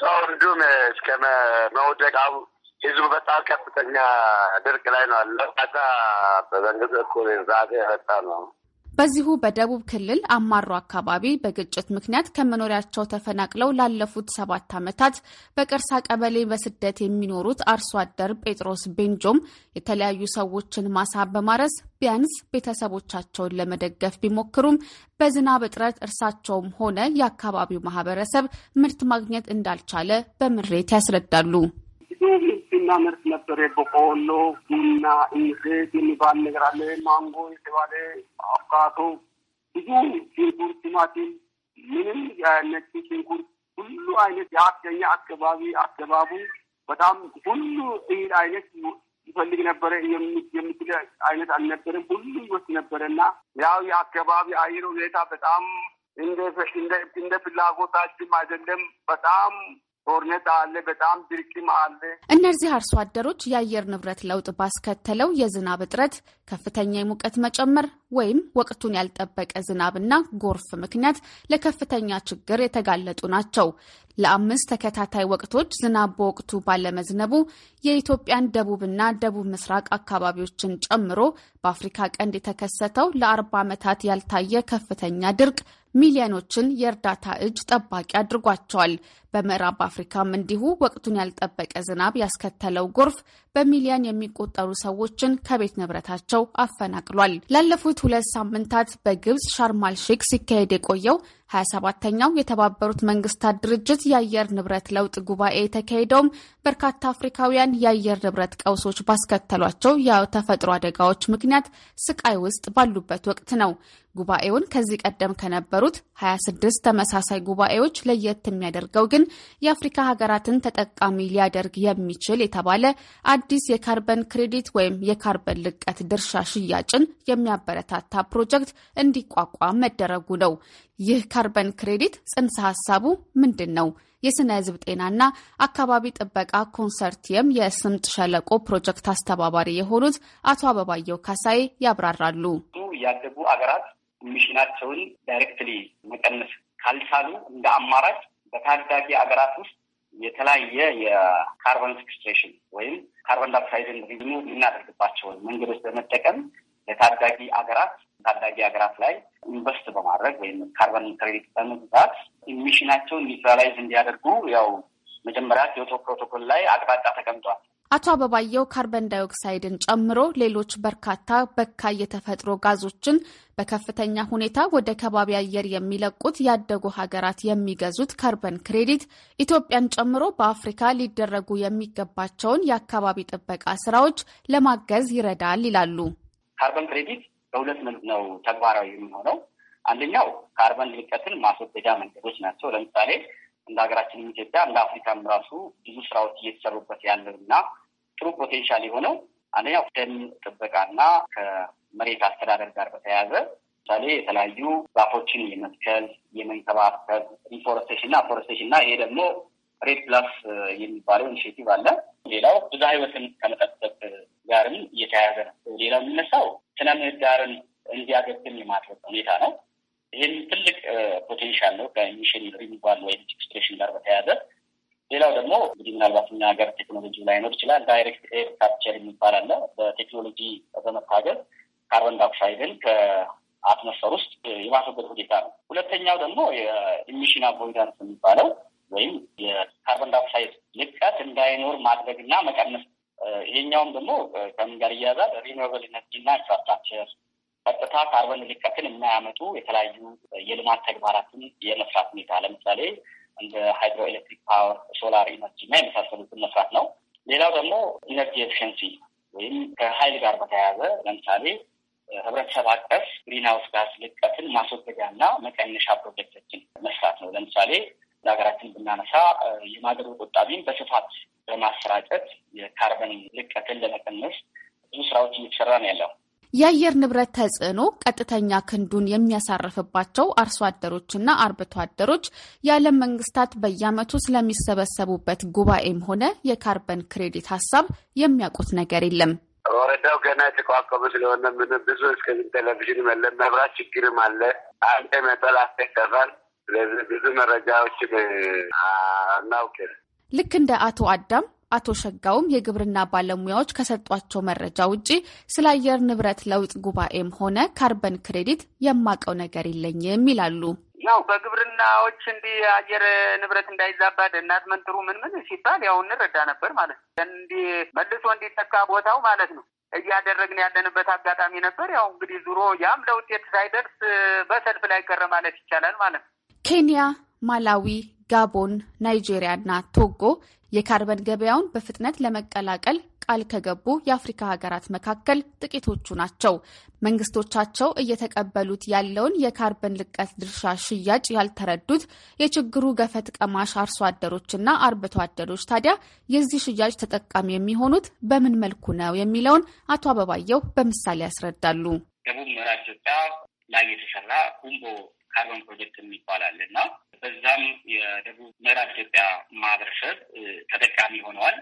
ሰው እንዲሁም እስከ መውደቅ ህዝቡ በጣም ከፍተኛ ድርቅ ላይ ነው አለ። በመንግስት እኩል ዛዜ የመጣ ነው በዚሁ በደቡብ ክልል አማሮ አካባቢ በግጭት ምክንያት ከመኖሪያቸው ተፈናቅለው ላለፉት ሰባት ዓመታት በቅርሳ ቀበሌ በስደት የሚኖሩት አርሶ አደር ጴጥሮስ ቤንጆም የተለያዩ ሰዎችን ማሳ በማረስ ቢያንስ ቤተሰቦቻቸውን ለመደገፍ ቢሞክሩም በዝናብ እጥረት እርሳቸውም ሆነ የአካባቢው ማህበረሰብ ምርት ማግኘት እንዳልቻለ በምሬት ያስረዳሉ። ቡና ምርት ነበር። በቆሎ፣ ቡና፣ ኢንሴት የሚባል ነገር አለ። ማንጎ የተባለ አቮካዶ፣ ብዙ ሽንኩርት፣ ቲማቲም፣ ምንም ነጭ ሽንኩርት፣ ሁሉ አይነት የአገኛ አካባቢ አካባቡ በጣም ሁሉ እህል አይነት ይፈልግ ነበረ። የምትል አይነት አልነበረም። ሁሉ ይወስድ ነበረ እና ያው የአካባቢ አየር ሁኔታ በጣም እንደ ፍላጎታችን አይደለም በጣም ጦርነት አለ፣ በጣም ድርቅም አለ። እነዚህ አርሶ አደሮች የአየር ንብረት ለውጥ ባስከተለው የዝናብ እጥረት ከፍተኛ የሙቀት መጨመር ወይም ወቅቱን ያልጠበቀ ዝናብና ጎርፍ ምክንያት ለከፍተኛ ችግር የተጋለጡ ናቸው። ለአምስት ተከታታይ ወቅቶች ዝናብ በወቅቱ ባለመዝነቡ የኢትዮጵያን ደቡብና ደቡብ ምስራቅ አካባቢዎችን ጨምሮ በአፍሪካ ቀንድ የተከሰተው ለአርባ ዓመታት ያልታየ ከፍተኛ ድርቅ ሚሊዮኖችን የእርዳታ እጅ ጠባቂ አድርጓቸዋል። በምዕራብ አፍሪካም እንዲሁ ወቅቱን ያልጠበቀ ዝናብ ያስከተለው ጎርፍ በሚሊዮን የሚቆጠሩ ሰዎችን ከቤት ንብረታቸው አፈናቅሏል። ላለፉት ሁለት ሳምንታት በግብጽ ሻርማል ሼክ ሲካሄድ የቆየው 27ተኛው የተባበሩት መንግስታት ድርጅት የአየር ንብረት ለውጥ ጉባኤ የተካሄደውም በርካታ አፍሪካውያን የአየር ንብረት ቀውሶች ባስከተሏቸው የተፈጥሮ አደጋዎች ምክንያት ስቃይ ውስጥ ባሉበት ወቅት ነው። ጉባኤውን ከዚህ ቀደም ከነበሩት 26 ተመሳሳይ ጉባኤዎች ለየት የሚያደርገው ግን የአፍሪካ ሀገራትን ተጠቃሚ ሊያደርግ የሚችል የተባለ አዲስ የካርበን ክሬዲት ወይም የካርበን ልቀት ድርሻ ሽያጭን የሚያበረታታ ፕሮጀክት እንዲቋቋም መደረጉ ነው። ይህ ካርበን ክሬዲት ጽንሰ ሀሳቡ ምንድን ነው? የስነ ህዝብ ጤናና አካባቢ ጥበቃ ኮንሰርቲየም የስምጥ ሸለቆ ፕሮጀክት አስተባባሪ የሆኑት አቶ አበባየው ካሳይ ያብራራሉ። ያደጉ አገራት ሚሽናቸውን ዳይሬክትሊ መቀነስ ካልቻሉ እንደ አማራጭ በታዳጊ ሀገራት ውስጥ የተለያየ የካርበን ስክስትሬሽን ወይም ካርበን ዳይኦክሳይድን ሪዝሙ የምናደርግባቸውን መንገዶች በመጠቀም ለታዳጊ ሀገራት ታዳጊ ሀገራት ላይ ኢንቨስት በማድረግ ወይም ካርበን ክሬዲት በመግዛት ኢሚሽናቸውን ኒውትራላይዝ እንዲያደርጉ ያው መጀመሪያ ኪዮቶ ፕሮቶኮል ላይ አቅጣጫ ተቀምጧል። አቶ አበባየው ካርበን ዳይኦክሳይድን ጨምሮ ሌሎች በርካታ በካይ የተፈጥሮ ጋዞችን በከፍተኛ ሁኔታ ወደ ከባቢ አየር የሚለቁት ያደጉ ሀገራት የሚገዙት ካርበን ክሬዲት ኢትዮጵያን ጨምሮ በአፍሪካ ሊደረጉ የሚገባቸውን የአካባቢ ጥበቃ ስራዎች ለማገዝ ይረዳል ይላሉ። ካርበን ክሬዲት በሁለት መልክ ነው ተግባራዊ የሚሆነው። አንደኛው ካርበን ልቀትን ማስወገጃ መንገዶች ናቸው። ለምሳሌ እንደ ሀገራችንም ኢትዮጵያ እንደ አፍሪካም ራሱ ብዙ ስራዎች እየተሰሩበት ያለው እና ጥሩ ፖቴንሻል የሆነው አንደኛው ደን ጥበቃና ከመሬት አስተዳደር ጋር በተያያዘ ለምሳሌ የተለያዩ ዛፎችን የመትከል የመንከባከብ ሪፎረስቴሽን እና ፎረስቴሽን እና ይሄ ደግሞ ሬድ ፕላስ የሚባለው ኢኒሽቲቭ አለ። ሌላው ብዝሃ ህይወትን ከመጠበቅ ጋርም እየተያያዘ ነው። ሌላው የሚነሳው ስነ ምህዳርን እንዲያገግም የማድረግ ሁኔታ ነው። ይህም ትልቅ ፖቴንሻል ነው ከኢሚሽን ሪሚቫል ወይም ኤክስቴሽን ጋር በተያያዘ ሌላው ደግሞ እንግዲህ ምናልባት እኛ ሀገር ቴክኖሎጂ ላይኖር ይችላል። ዳይሬክት ኤር ካፕቸር የሚባል አለ። በቴክኖሎጂ በመታገዝ ካርበን ዳይኦክሳይድን ከአትሞስፈር ውስጥ የማስወገድ ሁኔታ ነው። ሁለተኛው ደግሞ የኢሚሽን አቮይዳንስ የሚባለው ወይም የካርበን ዳይኦክሳይድ ልቀት እንዳይኖር ማድረግና መቀነስ ይሄኛውም ደግሞ ከምን ጋር እያያዛል? ሪኒዌብል ኢነርጂ እና ኢንፍራስትራክቸር ቀጥታ ካርበን ልቀትን የማያመጡ የተለያዩ የልማት ተግባራትን የመስራት ሁኔታ ለምሳሌ እንደ ሃይድሮ ኤሌክትሪክ ፓወር፣ ሶላር ኢነርጂ እና የመሳሰሉትን መስራት ነው። ሌላው ደግሞ ኢነርጂ ኤፊሽንሲ ወይም ከሀይል ጋር በተያያዘ ለምሳሌ ህብረተሰብ አቀፍ ግሪንሃውስ ጋስ ልቀትን ማስወገጃ እና መቀነሻ ፕሮጀክቶችን መስራት ነው። ለምሳሌ ለሀገራችን ብናነሳ የማገዶ ቆጣቢን በስፋት በማሰራጨት የካርበን ልቀትን ለመቀነስ ብዙ ስራዎች እየተሰራ ነው ያለው። የአየር ንብረት ተጽዕኖ ቀጥተኛ ክንዱን የሚያሳርፍባቸው አርሶ አደሮችና አርብቶ አደሮች የዓለም መንግስታት በየዓመቱ ስለሚሰበሰቡበት ጉባኤም ሆነ የካርበን ክሬዲት ሀሳብ የሚያውቁት ነገር የለም። ወረዳው ገና የተቋቋመ ስለሆነ ምን ብዙ እስከዚህ ቴሌቪዥን መለ መብራት ችግርም አለ። አንተ መጠላ አስተከፋል። ስለዚህ ብዙ መረጃዎችን አናውቅም። ልክ እንደ አቶ አዳም አቶ ሸጋውም የግብርና ባለሙያዎች ከሰጧቸው መረጃ ውጪ ስለ አየር ንብረት ለውጥ ጉባኤም ሆነ ካርበን ክሬዲት የማቀው ነገር የለኝም ይላሉ። ያው በግብርናዎች እንዲህ አየር ንብረት እንዳይዛባ ደናት መንትሩ ምን ምን ሲባል ያው እንረዳ ነበር ማለት ነው። እንዲህ መልሶ እንዲጠካ ቦታው ማለት ነው እያደረግን ያለንበት አጋጣሚ ነበር። ያው እንግዲህ ዙሮ ያም ለውጤት ሳይደርስ በሰልፍ ላይ ቀረ ማለት ይቻላል ማለት ነው። ኬንያ ማላዊ፣ ጋቦን፣ ናይጄሪያ እና ቶጎ የካርበን ገበያውን በፍጥነት ለመቀላቀል ቃል ከገቡ የአፍሪካ ሀገራት መካከል ጥቂቶቹ ናቸው። መንግስቶቻቸው እየተቀበሉት ያለውን የካርበን ልቀት ድርሻ ሽያጭ ያልተረዱት የችግሩ ገፈት ቀማሽ አርሶ አደሮችና አርብቶ አደሮች ታዲያ የዚህ ሽያጭ ተጠቃሚ የሚሆኑት በምን መልኩ ነው የሚለውን አቶ አበባየው በምሳሌ ያስረዳሉ። ደቡብ ምዕራብ ኢትዮጵያ ላይ የተሰራ ሁምቦ ካርበን ፕሮጀክት የሚባል አለ እና በዛም የደቡብ ምዕራብ ኢትዮጵያ ማህበረሰብ ተጠቃሚ ሆነዋል።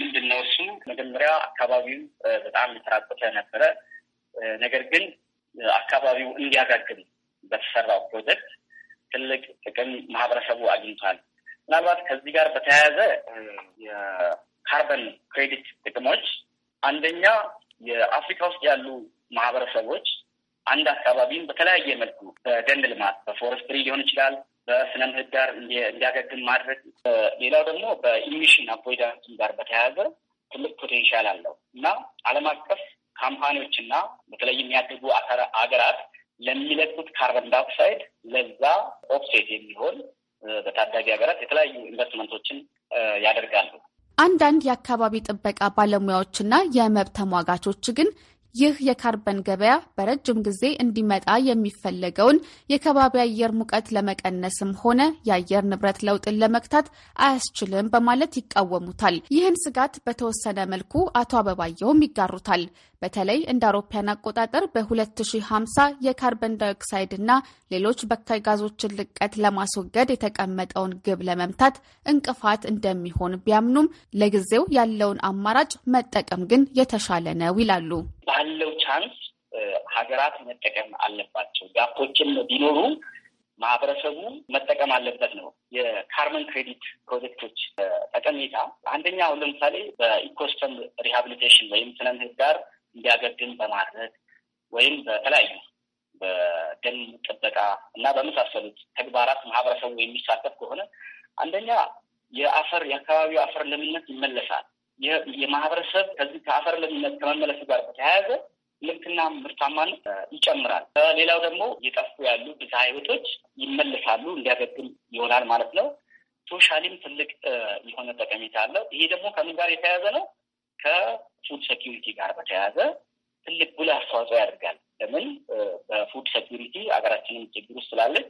ምንድን ነው እሱ? መጀመሪያ አካባቢው በጣም የተራቆተ ነበረ። ነገር ግን አካባቢው እንዲያጋግም በተሰራው ፕሮጀክት ትልቅ ጥቅም ማህበረሰቡ አግኝቷል። ምናልባት ከዚህ ጋር በተያያዘ የካርበን ክሬዲት ጥቅሞች አንደኛ የአፍሪካ ውስጥ ያሉ ማህበረሰቦች አንድ አካባቢን በተለያየ መልኩ በደን ልማት በፎረስትሪ ሊሆን ይችላል በስነ ምህዳር እንዲያገግም ማድረግ። ሌላው ደግሞ በኢሚሽን አቮይዳንስ ጋር በተያያዘ ትልቅ ፖቴንሻል አለው እና ዓለም አቀፍ ካምፓኒዎች እና በተለይ የሚያደጉ አገራት ለሚለቁት ካርበን ዳይኦክሳይድ ለዛ ኦፍሴት የሚሆን በታዳጊ ሀገራት የተለያዩ ኢንቨስትመንቶችን ያደርጋሉ። አንዳንድ የአካባቢ ጥበቃ ባለሙያዎችና የመብት ተሟጋቾች ግን ይህ የካርበን ገበያ በረጅም ጊዜ እንዲመጣ የሚፈለገውን የከባቢ አየር ሙቀት ለመቀነስም ሆነ የአየር ንብረት ለውጥን ለመግታት አያስችልም በማለት ይቃወሙታል። ይህን ስጋት በተወሰነ መልኩ አቶ አበባየውም ይጋሩታል። በተለይ እንደ አውሮፓያን አቆጣጠር በ2050 የካርበን ዳይኦክሳይድ እና ሌሎች በካይ ጋዞችን ልቀት ለማስወገድ የተቀመጠውን ግብ ለመምታት እንቅፋት እንደሚሆን ቢያምኑም ለጊዜው ያለውን አማራጭ መጠቀም ግን የተሻለ ነው ይላሉ። ባለው ቻንስ ሀገራት መጠቀም አለባቸው። ጋፖችን ቢኖሩ ማህበረሰቡ መጠቀም አለበት ነው። የካርመን ክሬዲት ፕሮጀክቶች ጠቀሜታ አንደኛ፣ አሁን ለምሳሌ በኢኮሲስተም ሪሃብሊቴሽን ወይም ስነ ምህዳር እንዲያገግም በማድረግ ወይም በተለያዩ በደን ጥበቃ እና በመሳሰሉት ተግባራት ማህበረሰቡ የሚሳተፍ ከሆነ አንደኛ የአፈር የአካባቢው አፈር ለምነት ይመለሳል። የማህበረሰብ ከዚህ ከአፈር ለምነት ከመመለሱ ጋር በተያያዘ ምርትና ምርታማነት ይጨምራል። ሌላው ደግሞ እየጠፉ ያሉ ብዝሃ ህይወቶች ይመለሳሉ፣ እንዲያገግም ይሆናል ማለት ነው። ሶሻሊም ትልቅ የሆነ ጠቀሜታ አለው። ይሄ ደግሞ ከምን ጋር የተያያዘ ነው? ከፉድ ሴኪሪቲ ጋር በተያያዘ ትልቅ ጉል አስተዋጽኦ ያደርጋል። ለምን በፉድ ሴኪሪቲ ሀገራችንም ችግር ውስጥ ስላለች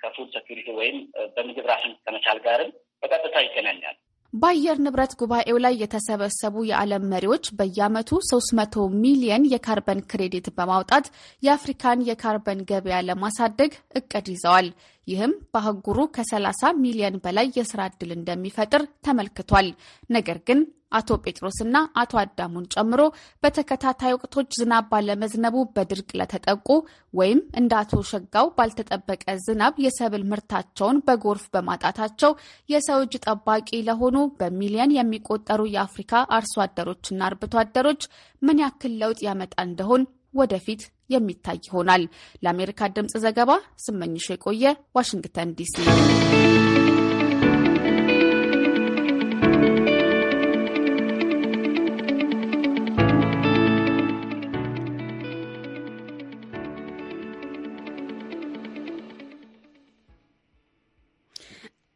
ከፉድ ሴኪሪቲ ወይም በምግብ ራስን ከመቻል ጋርም በቀጥታ ይገናኛል። በአየር ንብረት ጉባኤው ላይ የተሰበሰቡ የዓለም መሪዎች በየዓመቱ 300 ሚሊየን የካርበን ክሬዲት በማውጣት የአፍሪካን የካርበን ገበያ ለማሳደግ እቅድ ይዘዋል። ይህም በአህጉሩ ከ30 ሚሊየን በላይ የስራ ዕድል እንደሚፈጥር ተመልክቷል። ነገር ግን አቶ ጴጥሮስና አቶ አዳሙን ጨምሮ በተከታታይ ወቅቶች ዝናብ ባለመዝነቡ በድርቅ ለተጠቁ ወይም እንደ አቶ ሸጋው ባልተጠበቀ ዝናብ የሰብል ምርታቸውን በጎርፍ በማጣታቸው የሰው እጅ ጠባቂ ለሆኑ በሚሊየን የሚቆጠሩ የአፍሪካ አርሶ አደሮችና አርብቶ አደሮች ምን ያክል ለውጥ ያመጣ እንደሆን ወደፊት የሚታይ ይሆናል። ለአሜሪካ ድምፅ ዘገባ ስመኝሽ የቆየ ዋሽንግተን ዲሲ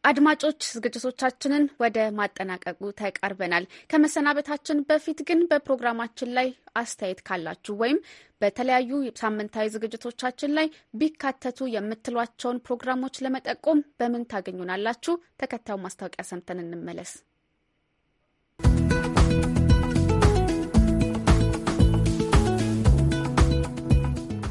አድማጮች ዝግጅቶቻችንን ወደ ማጠናቀቁ ተቃርበናል። ከመሰናበታችን በፊት ግን በፕሮግራማችን ላይ አስተያየት ካላችሁ ወይም በተለያዩ ሳምንታዊ ዝግጅቶቻችን ላይ ቢካተቱ የምትሏቸውን ፕሮግራሞች ለመጠቆም በምን ታገኙናላችሁ? ተከታዩ ማስታወቂያ ሰምተን እንመለስ።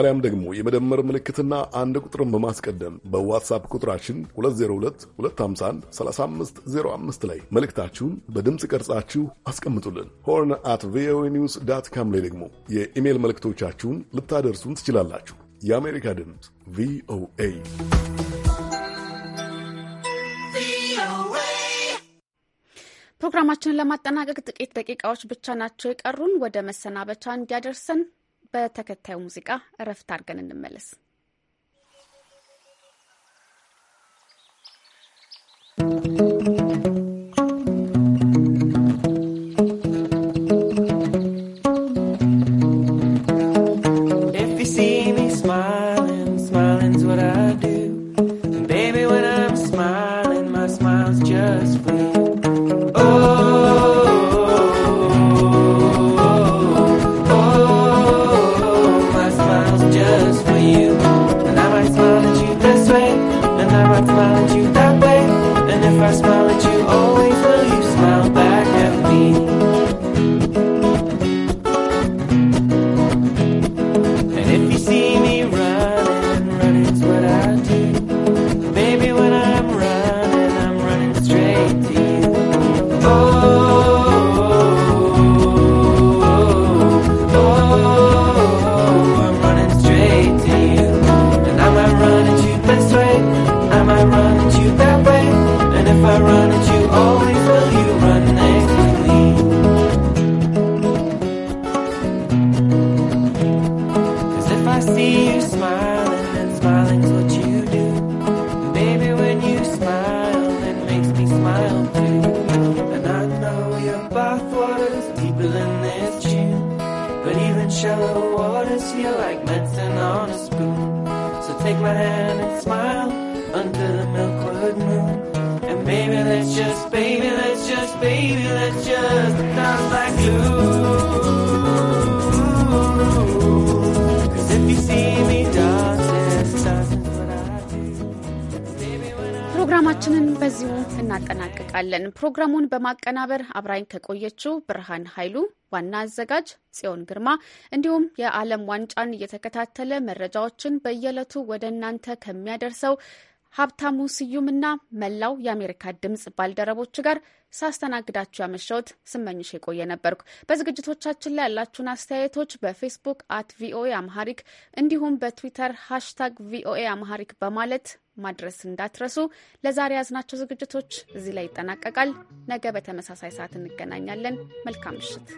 አሊያም ደግሞ የመደመር ምልክትና አንድ ቁጥርን በማስቀደም በዋትሳፕ ቁጥራችን 2022513505 ላይ መልእክታችሁን በድምፅ ቀርጻችሁ አስቀምጡልን። ሆርን አት ቪኦኤ ኒውስ ዳት ካም ላይ ደግሞ የኢሜይል መልእክቶቻችሁን ልታደርሱን ትችላላችሁ። የአሜሪካ ድምፅ ቪኦኤ ፕሮግራማችንን ለማጠናቀቅ ጥቂት ደቂቃዎች ብቻ ናቸው የቀሩን። ወደ መሰናበቻ እንዲያደርሰን በተከታዩ ሙዚቃ እረፍት አድርገን እንመለስ። Thank you. ፕሮግራሙን በማቀናበር አብራኝ ከቆየችው ብርሃን ኃይሉ፣ ዋና አዘጋጅ ጽዮን ግርማ እንዲሁም የዓለም ዋንጫን እየተከታተለ መረጃዎችን በየዕለቱ ወደ እናንተ ከሚያደርሰው ሀብታሙ ስዩምና መላው የአሜሪካ ድምፅ ባልደረቦች ጋር ሳስተናግዳችሁ ያመሸሁት ስመኝሽ የቆየ ነበርኩ። በዝግጅቶቻችን ላይ ያላችሁን አስተያየቶች በፌስቡክ አት ቪኦኤ አምሃሪክ እንዲሁም በትዊተር ሃሽታግ ቪኦኤ አምሃሪክ በማለት ማድረስ እንዳትረሱ። ለዛሬ ያዝናቸው ዝግጅቶች እዚህ ላይ ይጠናቀቃል። ነገ በተመሳሳይ ሰዓት እንገናኛለን። መልካም ምሽት።